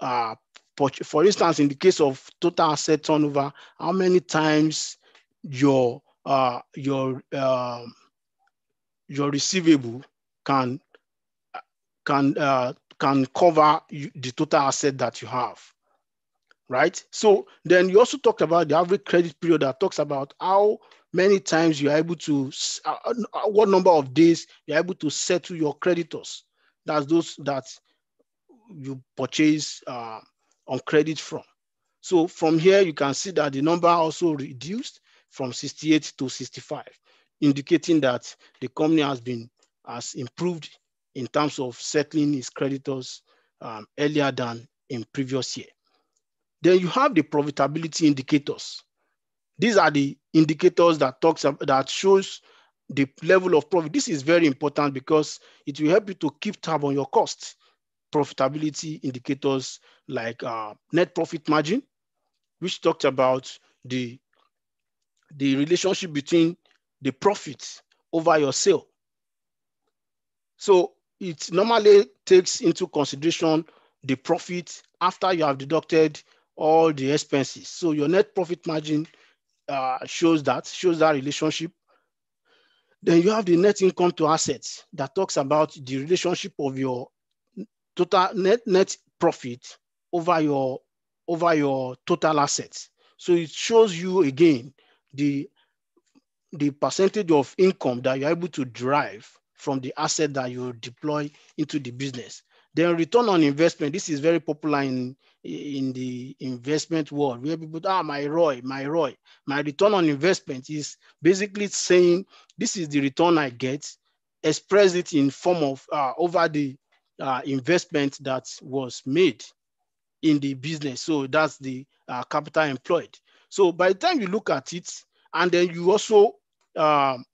uh, for instance, in the case of total asset turnover, how many times your uh, your um, your receivable can can uh, can cover the total asset that you have, right? So then you also talked about the average credit period that talks about how many times you're able to, uh, uh, what number of days you're able to settle your creditors. That's those that you purchase uh, on credit from. So from here, you can see that the number also reduced from 68 to 65, indicating that the company has been has improved in terms of settling its creditors um, earlier than in previous year. Then you have the profitability indicators. These are the indicators that talks that shows the level of profit. This is very important because it will help you to keep tab on your costs profitability indicators like uh, net profit margin, which talked about the, the relationship between the profit over your sale. So it normally takes into consideration the profit after you have deducted all the expenses. So your net profit margin uh, shows that, shows that relationship. Then you have the net income to assets that talks about the relationship of your total net net profit over your over your total assets. So it shows you again the the percentage of income that you're able to drive from the asset that you deploy into the business. Then return on investment. This is very popular in in the investment world where people ah my ROI, my ROI, my return on investment is basically saying this is the return I get, express it in form of uh, over the uh, investment that was made in the business. So that's the uh, capital employed. So by the time you look at it, and then you also um,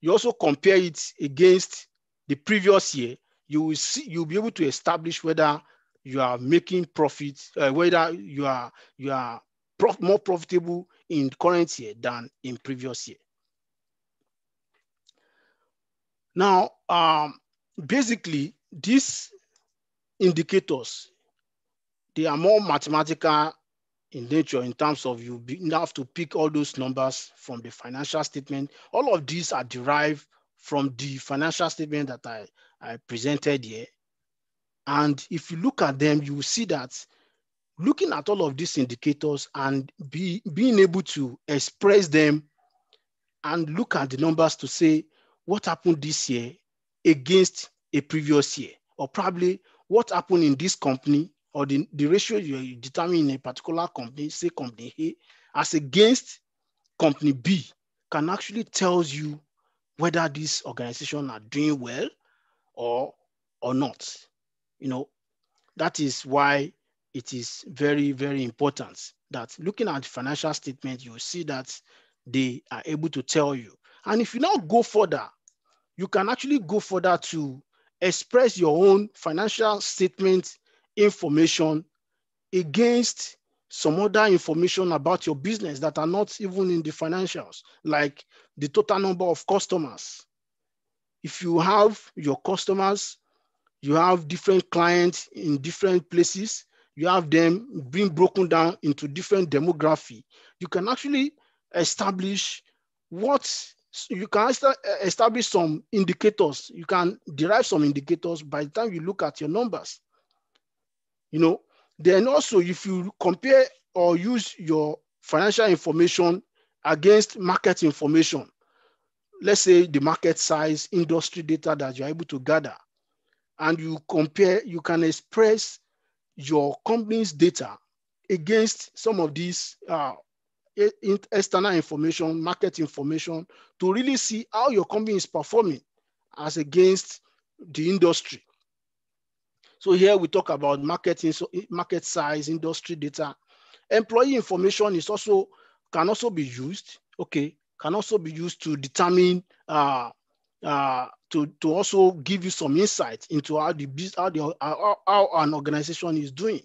you also compare it against the previous year, you will see you'll be able to establish whether you are making profit, uh, whether you are you are prof more profitable in current year than in previous year. Now, um, basically, these indicators, they are more mathematical in nature in terms of you have to pick all those numbers from the financial statement. All of these are derived from the financial statement that I, I presented here. And if you look at them, you will see that looking at all of these indicators and be, being able to express them and look at the numbers to say what happened this year against a previous year, or probably what happened in this company or the, the ratio you determine in a particular company, say company A, as against company B, can actually tells you whether this organization are doing well or or not. You know, that is why it is very, very important that looking at financial statement, you see that they are able to tell you. And if you now go further, you can actually go further to express your own financial statement information against some other information about your business that are not even in the financials, like the total number of customers. If you have your customers, you have different clients in different places, you have them being broken down into different demography, you can actually establish what so you can eh, establish some indicators. You can derive some indicators by the time you look at your numbers. You know, then also if you compare or use your financial information against market information, let's say the market size, industry data that you're able to gather, and you compare, you can express your company's data against some of these uh, external information, market information to really see how your company is performing as against the industry. So here we talk about marketing, so market size, industry data. Employee information is also can also be used. Okay, can also be used to determine uh, uh, to to also give you some insight into how the how the how, how an organization is doing.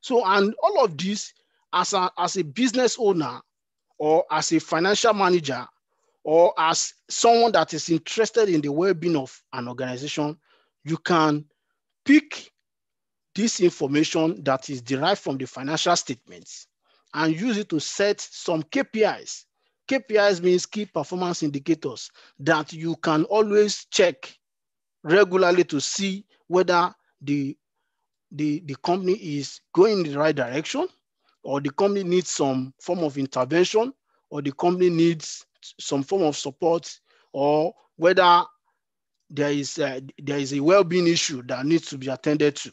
So and all of this as a, as a business owner or as a financial manager or as someone that is interested in the well-being of an organization, you can pick this information that is derived from the financial statements and use it to set some KPIs. KPIs means key performance indicators that you can always check regularly to see whether the, the, the company is going in the right direction or the company needs some form of intervention or the company needs some form of support or whether there is a, uh, there is a well-being issue that needs to be attended to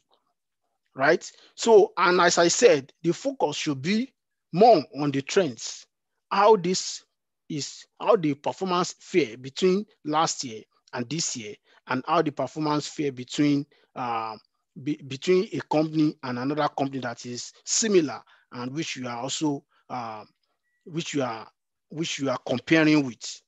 right so and as i said the focus should be more on the trends how this is how the performance fare between last year and this year and how the performance fare between uh, be, between a company and another company that is similar and which you are also uh, which you are which you are comparing with,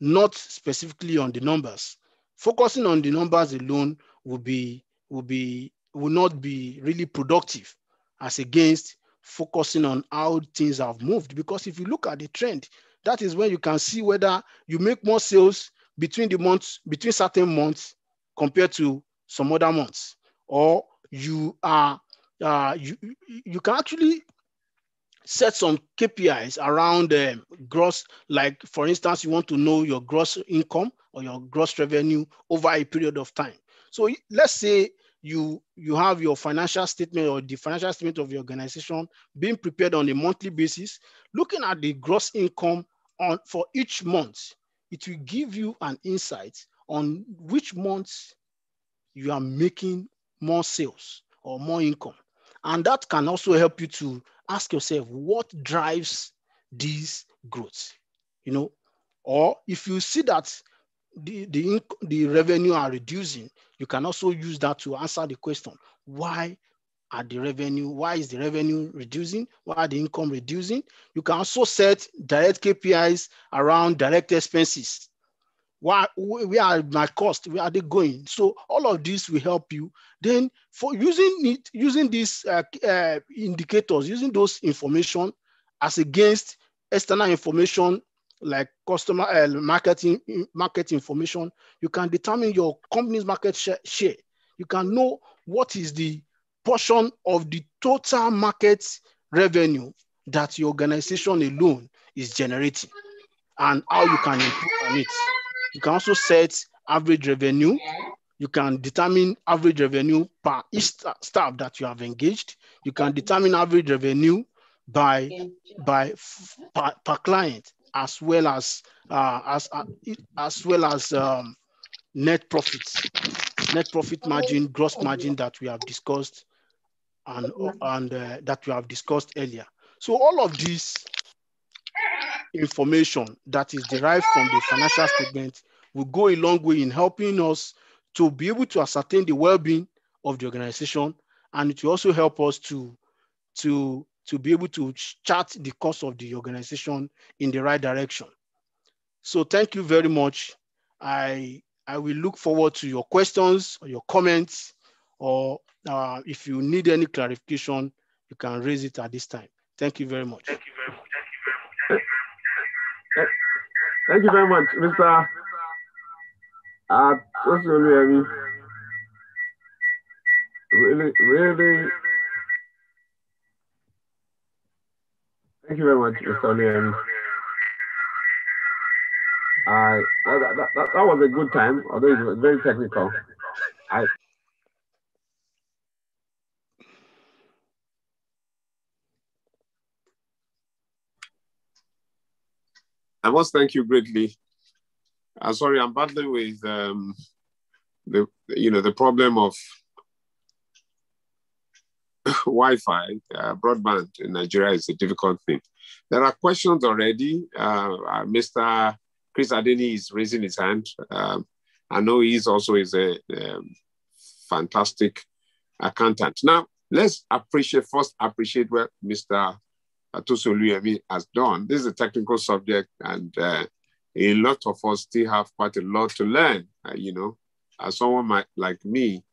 not specifically on the numbers. Focusing on the numbers alone will be will be will not be really productive as against focusing on how things have moved. Because if you look at the trend, that is when you can see whether you make more sales between the months, between certain months compared to some other months, or you are uh, you, you can actually set some KPIs around um, gross, like for instance, you want to know your gross income or your gross revenue over a period of time. So let's say you you have your financial statement or the financial statement of your organization being prepared on a monthly basis, looking at the gross income on for each month, it will give you an insight on which months you are making more sales or more income. And that can also help you to ask yourself what drives this growth, you know? Or if you see that the, the, the revenue are reducing, you can also use that to answer the question, why are the revenue, why is the revenue reducing? Why are the income reducing? You can also set direct KPIs around direct expenses why where are my cost where are they going so all of this will help you then for using it using these uh, uh, indicators using those information as against external information like customer uh, marketing market information you can determine your company's market share you can know what is the portion of the total market revenue that your organization alone is generating and how you can improve on it you can also set average revenue. You can determine average revenue per each staff that you have engaged. You can determine average revenue by by per, per client as well as uh, as uh, as well as um, net profits, net profit margin, gross margin that we have discussed and and uh, that we have discussed earlier. So all of these information that is derived from the financial statement will go a long way in helping us to be able to ascertain the well-being of the organization and it will also help us to to to be able to chart the course of the organization in the right direction so thank you very much i i will look forward to your questions or your comments or uh, if you need any clarification you can raise it at this time thank you very much thank you Thank you very much, Mr. Uh, really, really. Thank you very much, Mr. Oliemi. Uh, that, that, that, that was a good time, although it was very technical. I, I must thank you greatly. I'm sorry, I'm battling with um, the you know the problem of *laughs* Wi-Fi uh, broadband in Nigeria is a difficult thing. There are questions already. Uh, uh, Mr. Chris Adeni is raising his hand. Um, I know he's also is a um, fantastic accountant. Now let's appreciate first appreciate what Mr. Atosoluyevi has done. This is a technical subject, and uh, a lot of us still have quite a lot to learn. Uh, you know, as someone like me,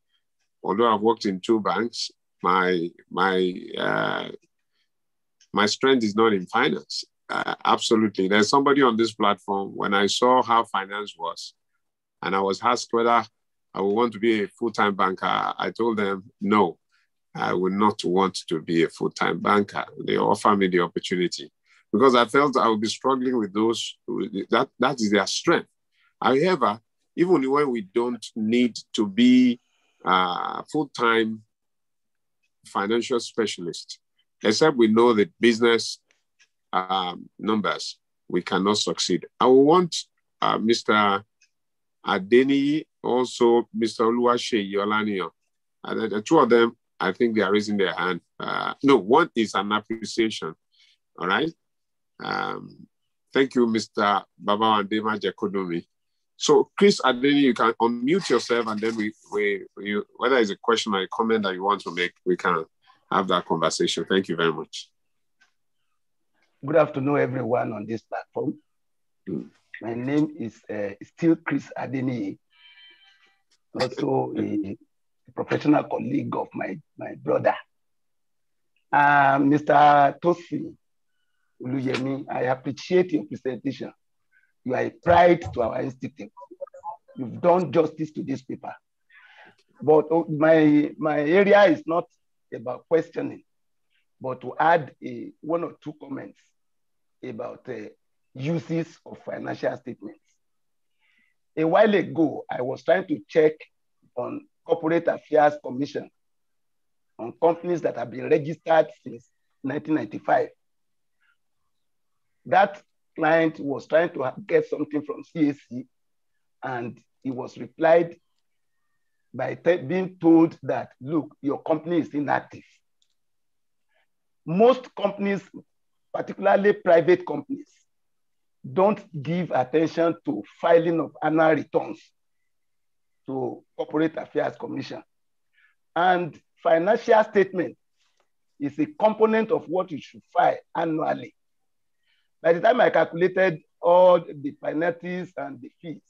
although I've worked in two banks, my my uh, my strength is not in finance. Uh, absolutely, there's somebody on this platform. When I saw how finance was, and I was asked whether I would want to be a full-time banker, I told them no. I would not want to be a full time banker. They offer me the opportunity because I felt I would be struggling with those. That, that is their strength. However, even when we don't need to be full time financial specialist, except we know the business um, numbers, we cannot succeed. I want uh, Mr. Adeni, also Mr. Oluwaseyi Olaniyan, and the two of them I think they are raising their hand. Uh, no, one is an appreciation. All right. Um, thank you, Mr. Baba Wandema Jakonomi. So, Chris Adeni, you can unmute yourself, and then we, we, you, whether it's a question or a comment that you want to make, we can have that conversation. Thank you very much. Good afternoon, everyone on this platform. My name is uh, still Chris Adeni, also a *laughs* professional colleague of my, my brother. Uh, Mr. Tosi Uluyemi, I appreciate your presentation. You are a pride to our institute. You've done justice to this paper. But oh, my, my area is not about questioning, but to add a, one or two comments about uh, uses of financial statements. A while ago, I was trying to check on Corporate Affairs Commission on companies that have been registered since 1995. That client was trying to get something from CAC and he was replied by being told that, look, your company is inactive. Most companies, particularly private companies, don't give attention to filing of annual returns to Corporate Affairs Commission. And financial statement is a component of what you should file annually. By the time I calculated all the penalties and the fees,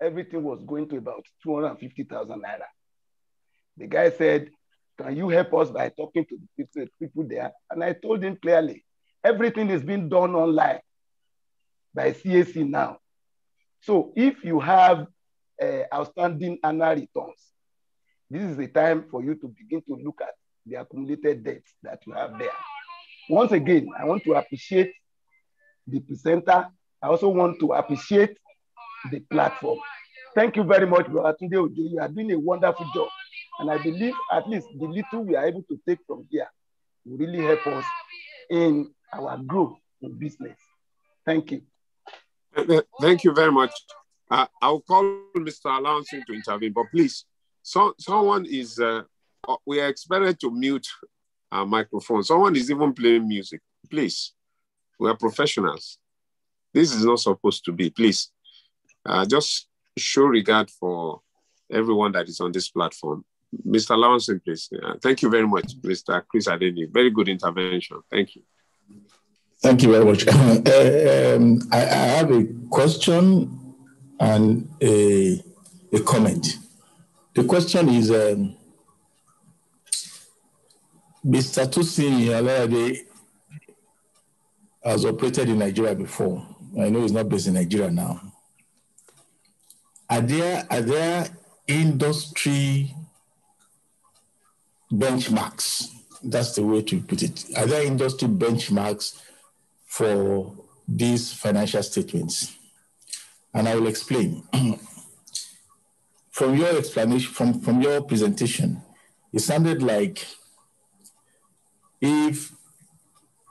everything was going to about 250,000 naira. The guy said, can you help us by talking to the people there? And I told him clearly, everything is being done online by CAC now. So if you have uh, outstanding annual returns. This is the time for you to begin to look at the accumulated debts that you have there. Once again, I want to appreciate the presenter. I also want to appreciate the platform. Thank you very much, Brother Tunde Ojo. You are doing a wonderful job. And I believe at least the little we are able to take from here will really help us in our growth in business. Thank you. Thank you very much. I'll call Mr. Alonso to intervene, but please, so, someone is, uh, uh, we are expected to mute our microphone. Someone is even playing music. Please, we are professionals. This is not supposed to be. Please, uh, just show regard for everyone that is on this platform. Mr. Lawson, please. Uh, thank you very much, Mr. Chris Adeni. Very good intervention. Thank you. Thank you very much. *laughs* Uh, um, I, I have a question and a, a comment. The question is, um, Mr. Tusini has operated in Nigeria before. I know he's not based in Nigeria now. Are there, are there industry benchmarks? That's the way to put it. Are there industry benchmarks for these financial statements? and I will explain. *clears throat* from your explanation, from, from your presentation, it sounded like if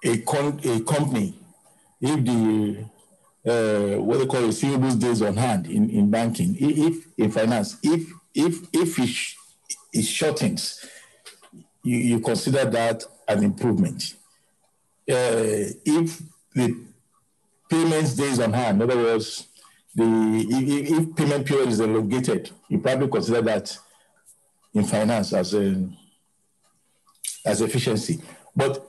a, con- a company, if the uh, what they call receivables days on hand in, in banking, if in finance, if if if it, sh- it shortens, you, you consider that an improvement. Uh, if the payments days on hand, in other words, the if, if payment period is elongated, you probably consider that in finance as a as efficiency. But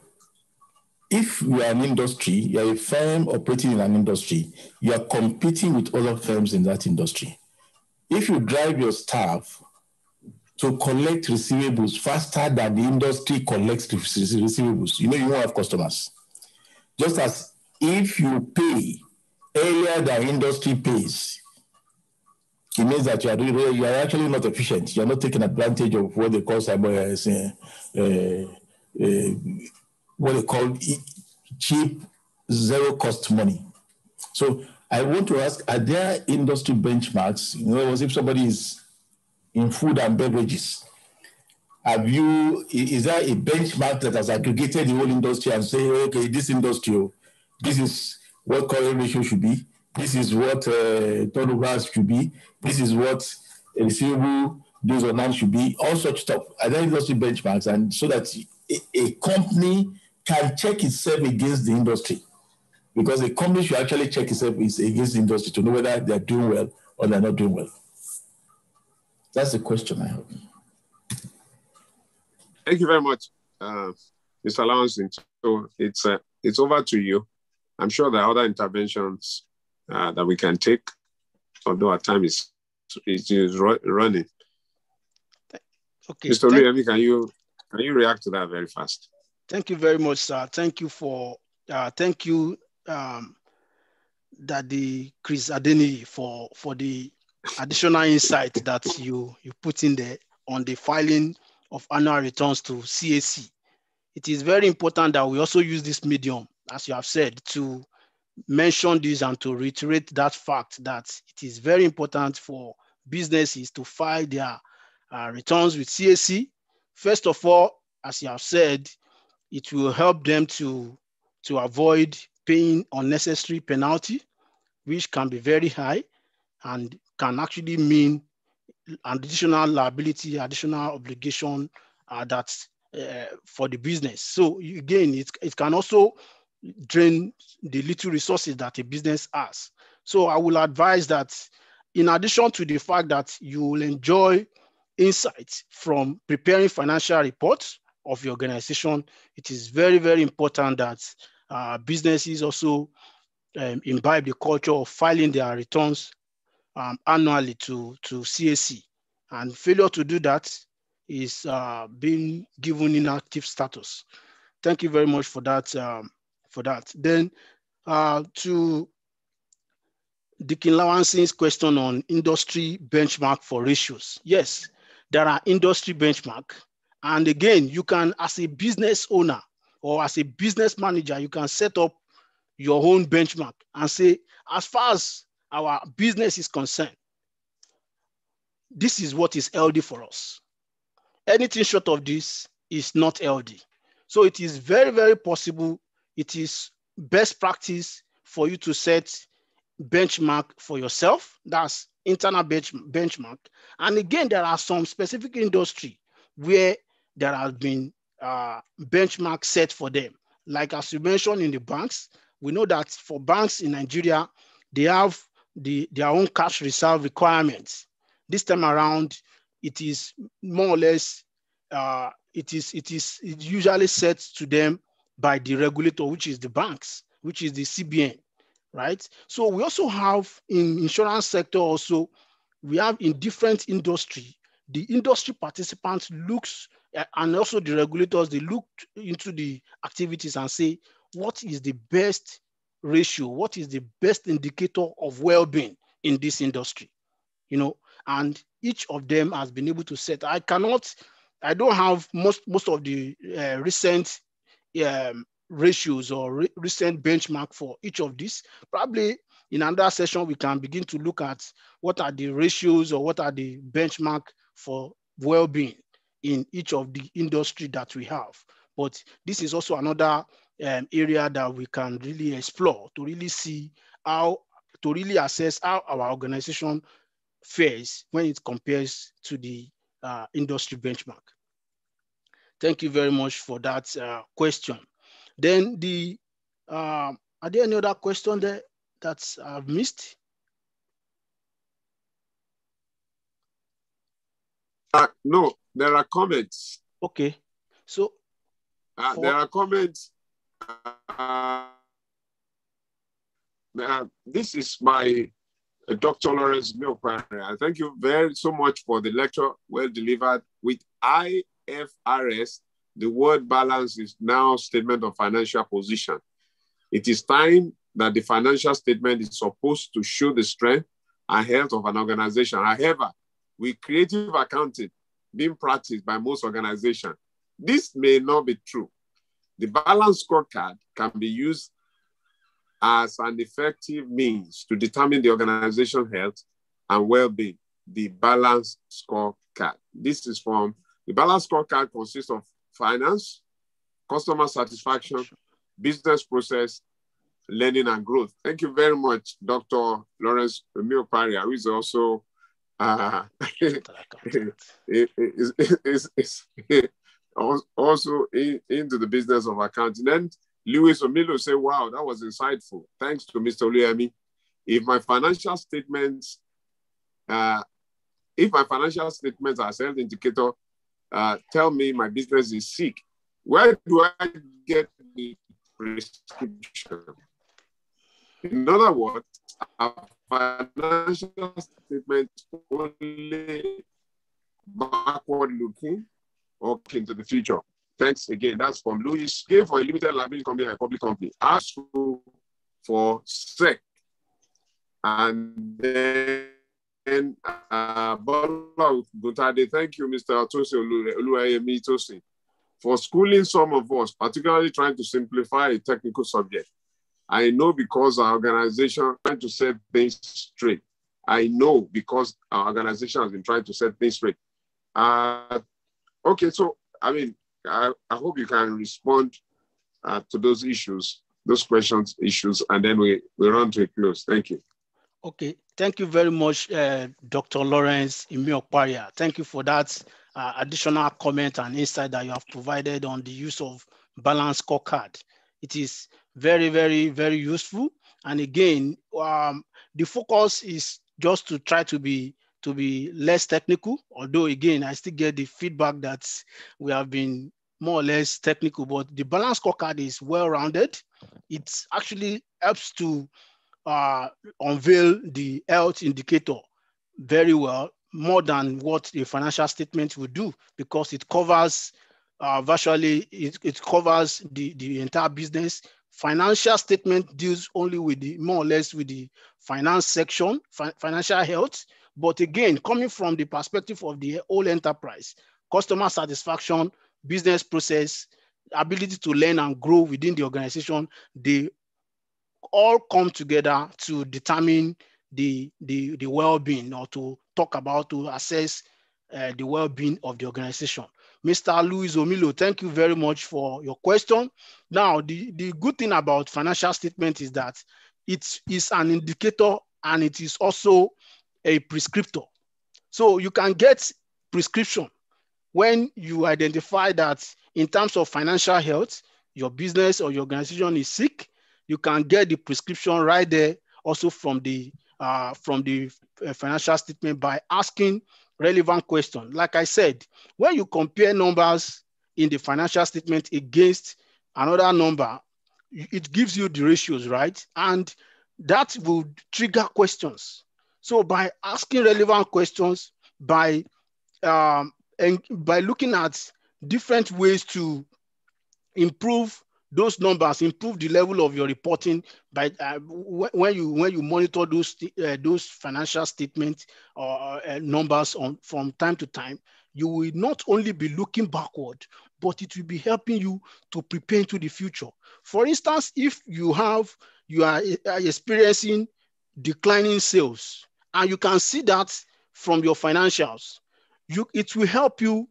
if you are an industry, you are a firm operating in an industry, you are competing with other firms in that industry. If you drive your staff to collect receivables faster than the industry collects receivables, you know you won't have customers. Just as if you pay area that industry pays, it means that you are, really, you are actually not efficient. You are not taking advantage of what they call cyber, uh, uh, uh what they call cheap, zero cost money. So I want to ask, are there industry benchmarks? In other words, if somebody is in food and beverages, have you, is there a benchmark that has aggregated the whole industry and say, okay, this industry, oh, this is what current ratio should be. This is what uh, turnovers should be. This is what receivable those on hand should be. All such stuff. And then industry benchmarks, and so that a, a company can check itself against the industry, because a company should actually check itself against the industry to know whether they are doing well or they are not doing well. That's the question I have. Thank you very much, uh, Mr. Lawrence. So it's uh, it's over to you. I'm sure there are other interventions uh, that we can take, although our time is is, is running. Okay. Mr. Lee, can you can you react to that very fast? Thank you very much, sir. Thank you for uh, thank you, um, Daddy Chris Adeni, for for the additional insight that you you put in there on the filing of annual returns to CAC. It is very important that we also use this medium as you have said, to mention this and to reiterate that fact that it is very important for businesses to file their uh, returns with CAC. First of all, as you have said, it will help them to, to avoid paying unnecessary penalty, which can be very high and can actually mean additional liability, additional obligation uh, that uh, for the business. So again, it, it can also drain the little resources that a business has. So I will advise that in addition to the fact that you will enjoy insights from preparing financial reports of your organization, it is very, very important that uh, businesses also um, imbibe the culture of filing their returns um, annually to, to CAC. And failure to do that is uh, being given inactive status. Thank you very much for that um, for that. Then uh, to Deacon Lawansin's question on industry benchmark for ratios. Yes, there are industry benchmark. And again, you can, as a business owner or as a business manager, you can set up your own benchmark and say, as far as our business is concerned, this is what is LD for us. Anything short of this is not LD. So it is very, very possible it is best practice for you to set benchmark for yourself. That's internal bench, benchmark. And again, there are some specific industry where there has been uh, benchmark set for them. Like as you mentioned in the banks, we know that for banks in Nigeria, they have the, their own cash reserve requirements. This time around, it is more or less, uh, it is it is it usually set to them by the regulator, which is the banks, which is the CBN, right? So we also have in insurance sector also, we have in different industry, the industry participants looks, eh, and also the regulators, they look into the activities and say, what is the best ratio? What is the best indicator of well-being in this industry? You know, and each of them has been able to set. I cannot, I don't have most most of the uh, recent um, ratios or re recent benchmark for each of these. Probably in another session, we can begin to look at what are the ratios or what are the benchmark for well-being in each of the industry that we have. But this is also another um, area that we can really explore to really see how, to really assess how our organization fares when it compares to the uh, industry benchmark. Thank you very much for that uh, question. Then the, uh, are there any other question there that I've missed? Uh, no, there are comments. Okay, so. Uh, for... There are comments. Uh, uh, this is my Dr. Lawrence Milpare. Thank you very so much for the lecture, well delivered, With I IFRS, the word balance is now statement of financial position. It is time that the financial statement is supposed to show the strength and health of an organization. However, with creative accounting being practiced by most organizations, this may not be true. The balance scorecard can be used as an effective means to determine the organization health and well-being, the balance scorecard. This is from the balanced scorecard consists of finance, customer satisfaction, business process, learning and growth. Thank you very much, Dr. Lawrence Mioparia, who is also uh, *laughs* *laughs* also into the business of accounting. And Lewis Omilo said, wow, that was insightful. Thanks to Mr. Oliami. If my financial statements, uh, if my financial statements are self-indicator, uh, tell me my business is sick. Where do I get the prescription? In other words, a financial statement only backward looking or into the future. Thanks again. That's from Louis Gay for a limited liability company and public company. Ask for SEC. And then and uh, Bola Guntade, thank you, Mr. Tosi Oluwayemi for schooling some of us, particularly trying to simplify a technical subject. I know because our organization trying to set things straight. I know because our organization has been trying to set things straight. Uh, okay, so I mean, I, I hope you can respond uh, to those issues, those questions, issues, and then we, we run to a close. Thank you. Okay. Thank you very much, uh, Dr. Lawrence Imiokwaria. Thank you for that uh, additional comment and insight that you have provided on the use of balance scorecard. It is very, very, very useful. And again, um, the focus is just to try to be to be less technical. Although again, I still get the feedback that we have been more or less technical, but the balance scorecard is well-rounded. It actually helps to uh, unveil the health indicator very well, more than what the financial statement would do, because it covers uh, virtually, it, it covers the, the entire business. Financial statement deals only with the, more or less with the finance section, fi financial health. But again, coming from the perspective of the whole enterprise, customer satisfaction, business process, ability to learn and grow within the organization, they all come together to determine the, the, the well-being or to talk about, to assess uh, the well-being of the organization. Mr. Luis Omilo, thank you very much for your question. Now, the, the good thing about financial statement is that it is an indicator and it is also a prescriptor. So you can get prescription when you identify that in terms of financial health, your business or your organization is sick, you can get the prescription right there also from the uh, from the uh, financial statement by asking relevant questions. Like I said, when you compare numbers in the financial statement against another number, it gives you the ratios, right? And that will trigger questions. So by asking relevant questions, by um, and by looking at different ways to improve those numbers improve the level of your reporting by uh, when you when you monitor those uh, those financial statement or uh, numbers on from time to time you will not only be looking backward but it will be helping you to prepare into the future for instance if you have you are uh, experiencing declining sales and you can see that from your financials you it will help you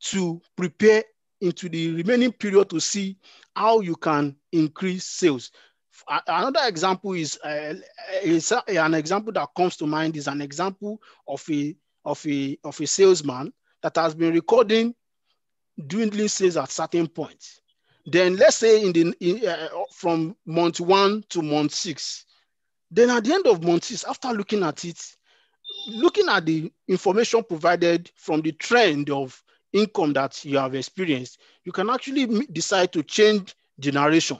to prepare into the remaining period to see how you can increase sales. Another example is, uh, an example that comes to mind is an example of a of a of a salesman that has been recording dwindling sales at certain points. Then let's say in the in, uh, from month one to month six, then at the end of month six, after looking at it, looking at the information provided from the trend of income that you have experienced, you can actually decide to change generation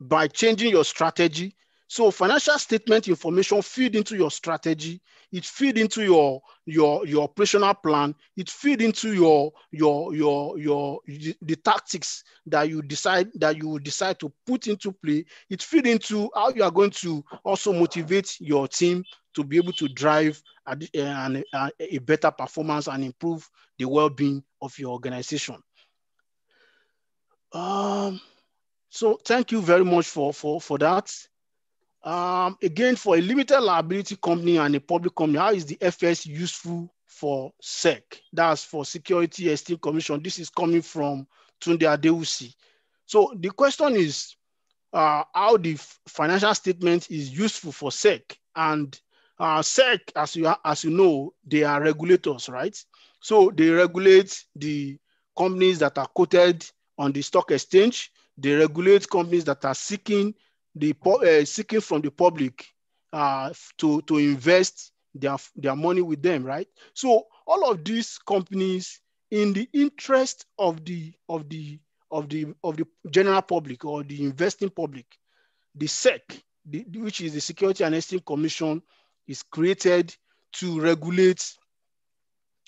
by changing your strategy. So financial statement information feed into your strategy, it feed into your your your operational plan, it feed into your your your your the tactics that you decide that you decide to put into play, it feed into how you are going to also motivate your team to be able to drive a, eh, a, a better performance and improve the well-being of your organization. Um, so thank you very much for, for, for that. Um, again, for a limited liability company and a public company, how is the FS useful for SEC? That's for Security Esteem Commission. This is coming from Tunde Adeusi. So the question is uh, how the financial statement is useful for SEC and uh, SEC, as you as you know, they are regulators, right? So they regulate the companies that are quoted on the stock exchange. They regulate companies that are seeking the uh, seeking from the public uh, to to invest their their money with them, right? So all of these companies, in the interest of the of the of the of the general public or the investing public, the SEC, the, which is the Security and Exchange Commission, is created to regulate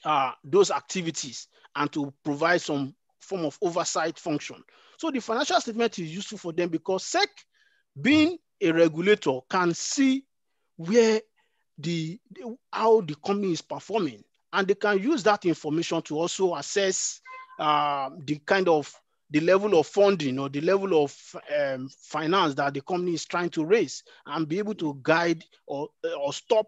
uh, those activities and to provide some form of oversight function. So the financial statement is useful for them because SEC, being a regulator, can see where the, the how the company is performing, and they can use that information to also assess uh, the kind of the level of funding or the level of um, finance that the company is trying to raise and be able to guide or, uh, or stop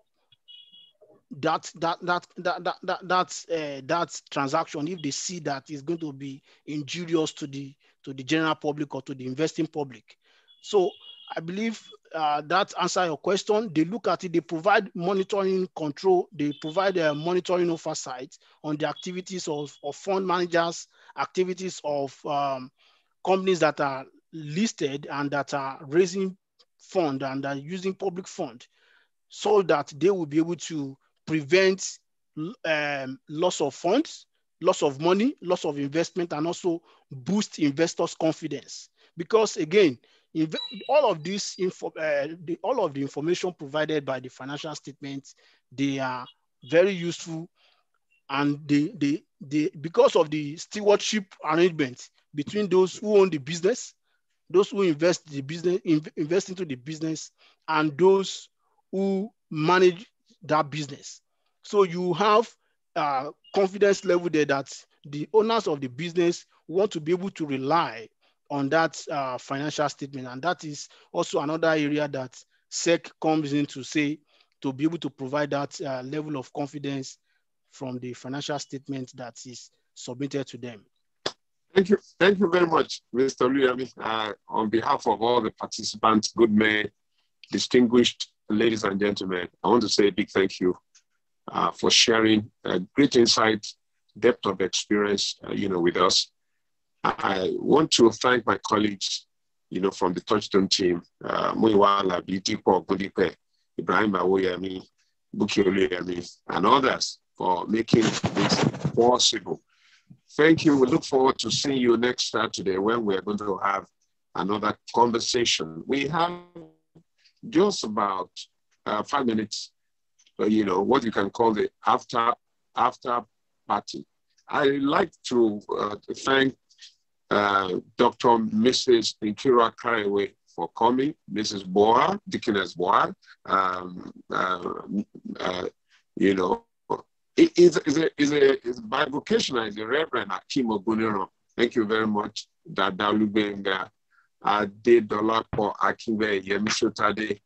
that that that that that, that uh, that transaction if they see that is going to be injurious to the to the general public or to the investing public so i believe uh, that answer your question they look at it they provide monitoring control they provide a uh, monitoring oversight on the activities of, of fund managers activities of um, companies that are listed and that are raising fund and are using public fund so that they will be able to prevent um, loss of funds, loss of money, loss of investment, and also boost investors' confidence. Because again, all of this info, uh, the, all of the information provided by the financial statements, they are very useful, and they, they the because of the stewardship arrangement between those who own the business, those who invest the business invest into the business, and those who manage that business. So you have a uh, confidence level there that the owners of the business want to be able to rely on that uh, financial statement. And that is also another area that SEC comes in to say to be able to provide that uh, level of confidence from the financial statement that is submitted to them. Thank you. Thank you very much, Mr. Luyami. Uh, on behalf of all the participants, good men, distinguished ladies and gentlemen, I want to say a big thank you uh, for sharing great insight, depth of experience, uh, you know, with us. I want to thank my colleagues, you know, from the Touchstone team, uh, Muiwala, Beauty Ibrahim Awoyami, Buki Oluyami, and others for making this possible. Thank you. We look forward to seeing you next Saturday when we're going to have another conversation. We have just about uh, five minutes, uh, you know, what you can call the after after party. I'd like to uh, thank uh, Dr. Mrs. Inkira Kariwe for coming, Mrs. Boa, Dickiness Boa, um, uh, uh, you know, it is is a, is a is by vocation is a Reverend Akim Oguniro. Thank you very much, Dada Lubenga, Adedolapo Akimbe Yemishotade,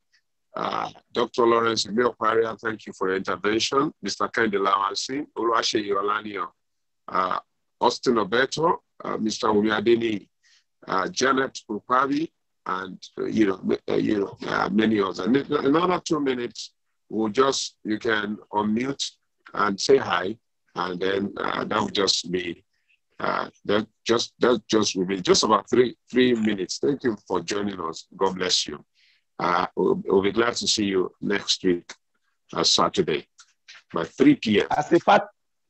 uh, Dr. Lawrence Imioparia. Thank you for your intervention, Mr. Kende Lawasi, Oluwase Yolanio, uh, Austin Obeto, uh, Mr. Umiadeni, uh, Janet Pupavi, and uh, you know uh, you know many others. And another two minutes, we'll just you can unmute and say hi, and then uh, that would just be uh, that just that just will be just about three three minutes. Thank you for joining us. God bless you. Uh, we'll, we'll, be glad to see you next week, uh, Saturday, by 3 p.m. As a part,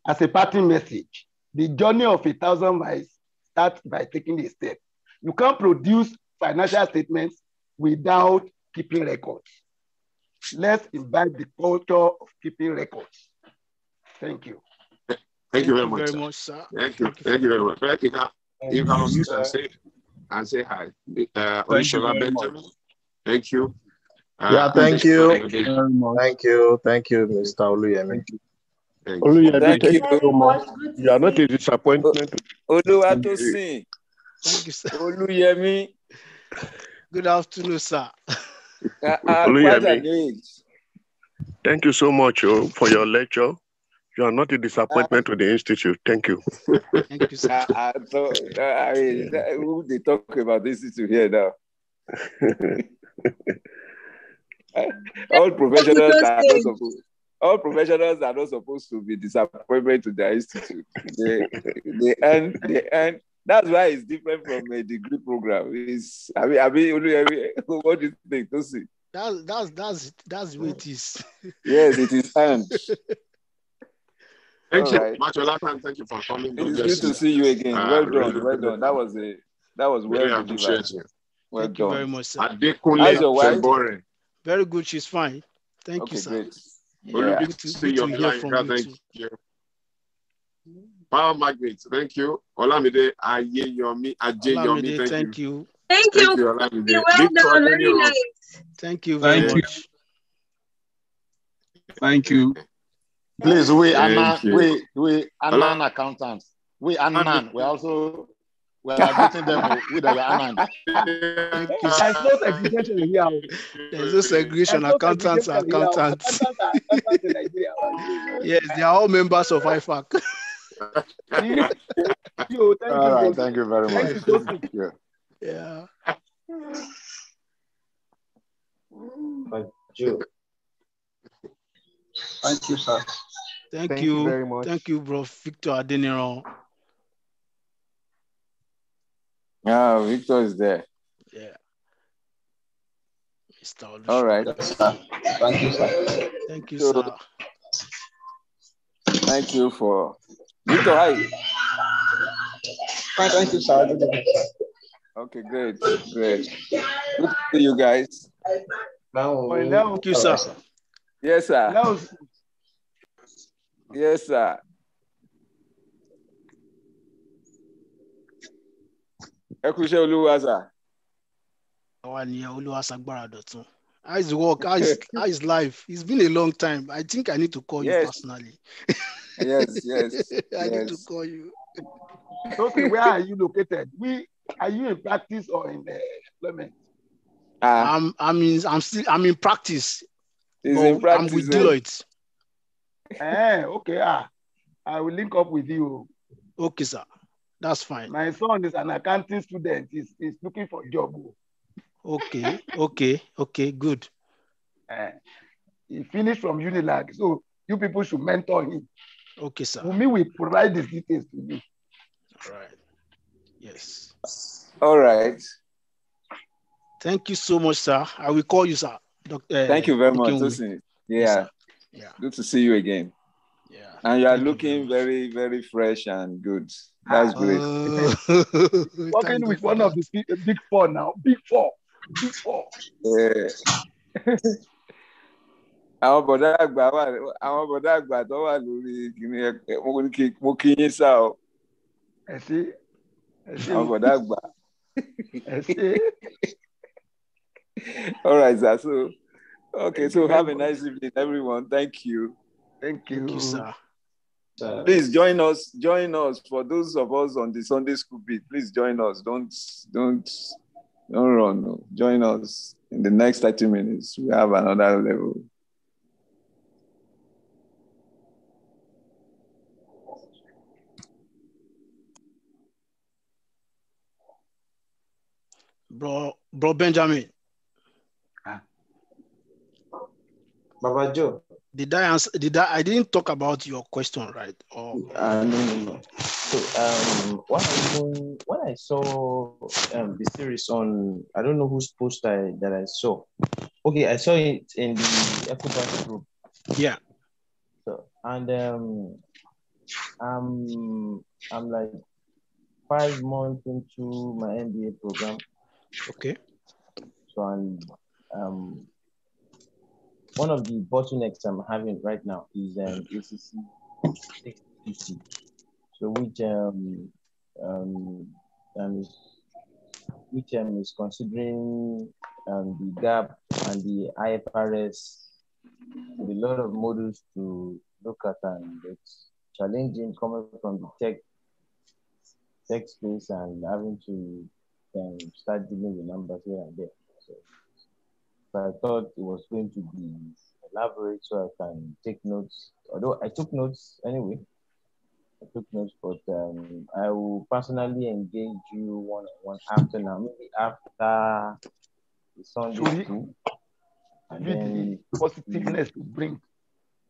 as a parting message, the journey of a thousand miles starts by taking a step. You can't produce financial statements without keeping records. Let's invite the culture of keeping records. Thank you. Thank, you very, much, very much, sir. Thank you. Thank you, very much. Thank you. Now, you can and say and say hi. Uh, thank you Benjamin. Much. Thank you. Uh, yeah, thank you. Thank you. thank you. Mr. Oluyemi. Thank you. Oluyemi, thank, thank you. you much. You are not a disappointment. Oluwatosin. Thank you, sir. Oluyemi. Good afternoon, sir. Uh, uh, Oluyemi. Thank you so much oh, for your lecture. You are not a disappointment uh, to the institute. Thank you. *laughs* Thank you, sir. so, I mean, who they talk about this institute here now? *laughs* all professionals are not supposed. All professionals are not supposed to be disappointment to their institute. They, they earn, they earn. That's why it's different from a degree program. Is I mean, I mean, *laughs* what do you think, Tosi? That's that's that's that's what it is. Yes, it is earned. Thank All you, right. Machola, thank you for coming. It is good to see you again. Uh, well done, really, well done. That was a that was well really appreciate Well thank done. You very much, sir. Adekunle Very good. She's fine. Thank okay, you, sir. Great. Yeah. Good to see your line. Thank you. you. Power Magnet, thank you. Olamide Ayeyomi Ajeyomi, thank, thank you. you. Thank you. Thank you, Olamide. Well done, very nice. Thank you very thank much. You. Thank you. Please, we are not, we, we are non-accountants. We are non. We also we are getting them with our *laughs* Anand. There's no segregation in here. There's no segregation. Accountants are accountants. yes, they are all members of IFAC. *laughs* you, thank all you, right, thank you very much. *laughs* Thank you. Yeah. But Joe, Thank you, sir. Thank, Thank you. you. very much. Thank you, bro. Victor Adeniro. Yeah, Victor is there. Yeah. Mr. All right. Thank you, sir. Thank you, sir. Thank you for Victor. Hi. Thank you, sir. Okay, great, great. Good to see you guys. Now, thank you, sir. Yes, sir. No. Yes, sir. ẹ kú iṣẹ́ olúwa sà. àwa nìyẹn olúwa sagbára dọ̀tun how is work how is, how is life it's been a long time i think i need to call yes. you personally. yes yes *laughs* i yes. need to call you. okay where are you located we are you in practice or in uh, employment. Uh, I'm I'm in I'm still I'm in practice He's oh, in practice. I'm with Deloitte. eh, okay. Ah, I will link up with you. Oh. Okay, sir. That's fine. My son is an accounting student. He's, he's looking for a job. Oh. Okay, okay, okay, good. Eh, he finished from Unilag. So you people should mentor him. Okay, sir. me, will provide these details to you. All right. Yes. All right. Thank you so much, sir. I will call you, sir. Doctor, eh, Thank you very much. Listen, yeah. yeah. Good to see you again. Yeah. And you are Thank looking you. very, very fresh and good. Ah, That's oh. great. *laughs* Working with one of the big, big four now. Big four. Big four. Yeah. *laughs* àwọn bọ̀dá àgbà wà àwọn bọ̀dá àgbà tó wà lórí kìnìún ẹ eh, mo kí yín sá o. ẹ ṣé ẹ ṣé àwọn bọ̀dá àgbà. ẹ ṣé. *laughs* All right, sir. So, okay, Thank so have a nice evening, everyone. Thank you. Thank you, Thank you sir. Uh, please join us. Join us for those of us on the Sunday school beat. Please join us. Don't don't don't run. Join us in the next 30 minutes. We have another level. Bro, bro Benjamin. Baba Joe. Did I answer? Did I? I didn't talk about your question, right? Or... Uh, no, no, no. So um, when I, when I saw um, the series on, I don't know whose post I that I saw. Okay, I saw it in the EcoBank group. Yeah. So and um, I'm I'm like five months into my MBA program. Okay. So and um one of the bottlenecks I'm having right now is um, ACC 650, so which um, um, um, is, which um, is considering um, the gap and the IFRS, a lot of models to look at, and it's challenging coming from the tech tech space and having to um, start dealing with numbers here and there. So. I thought it was going to be elaborate so I can take notes. Although I took notes anyway, I took notes, but um, I will personally engage you one one after maybe after Sunday. Should we, too, and positiveness to bring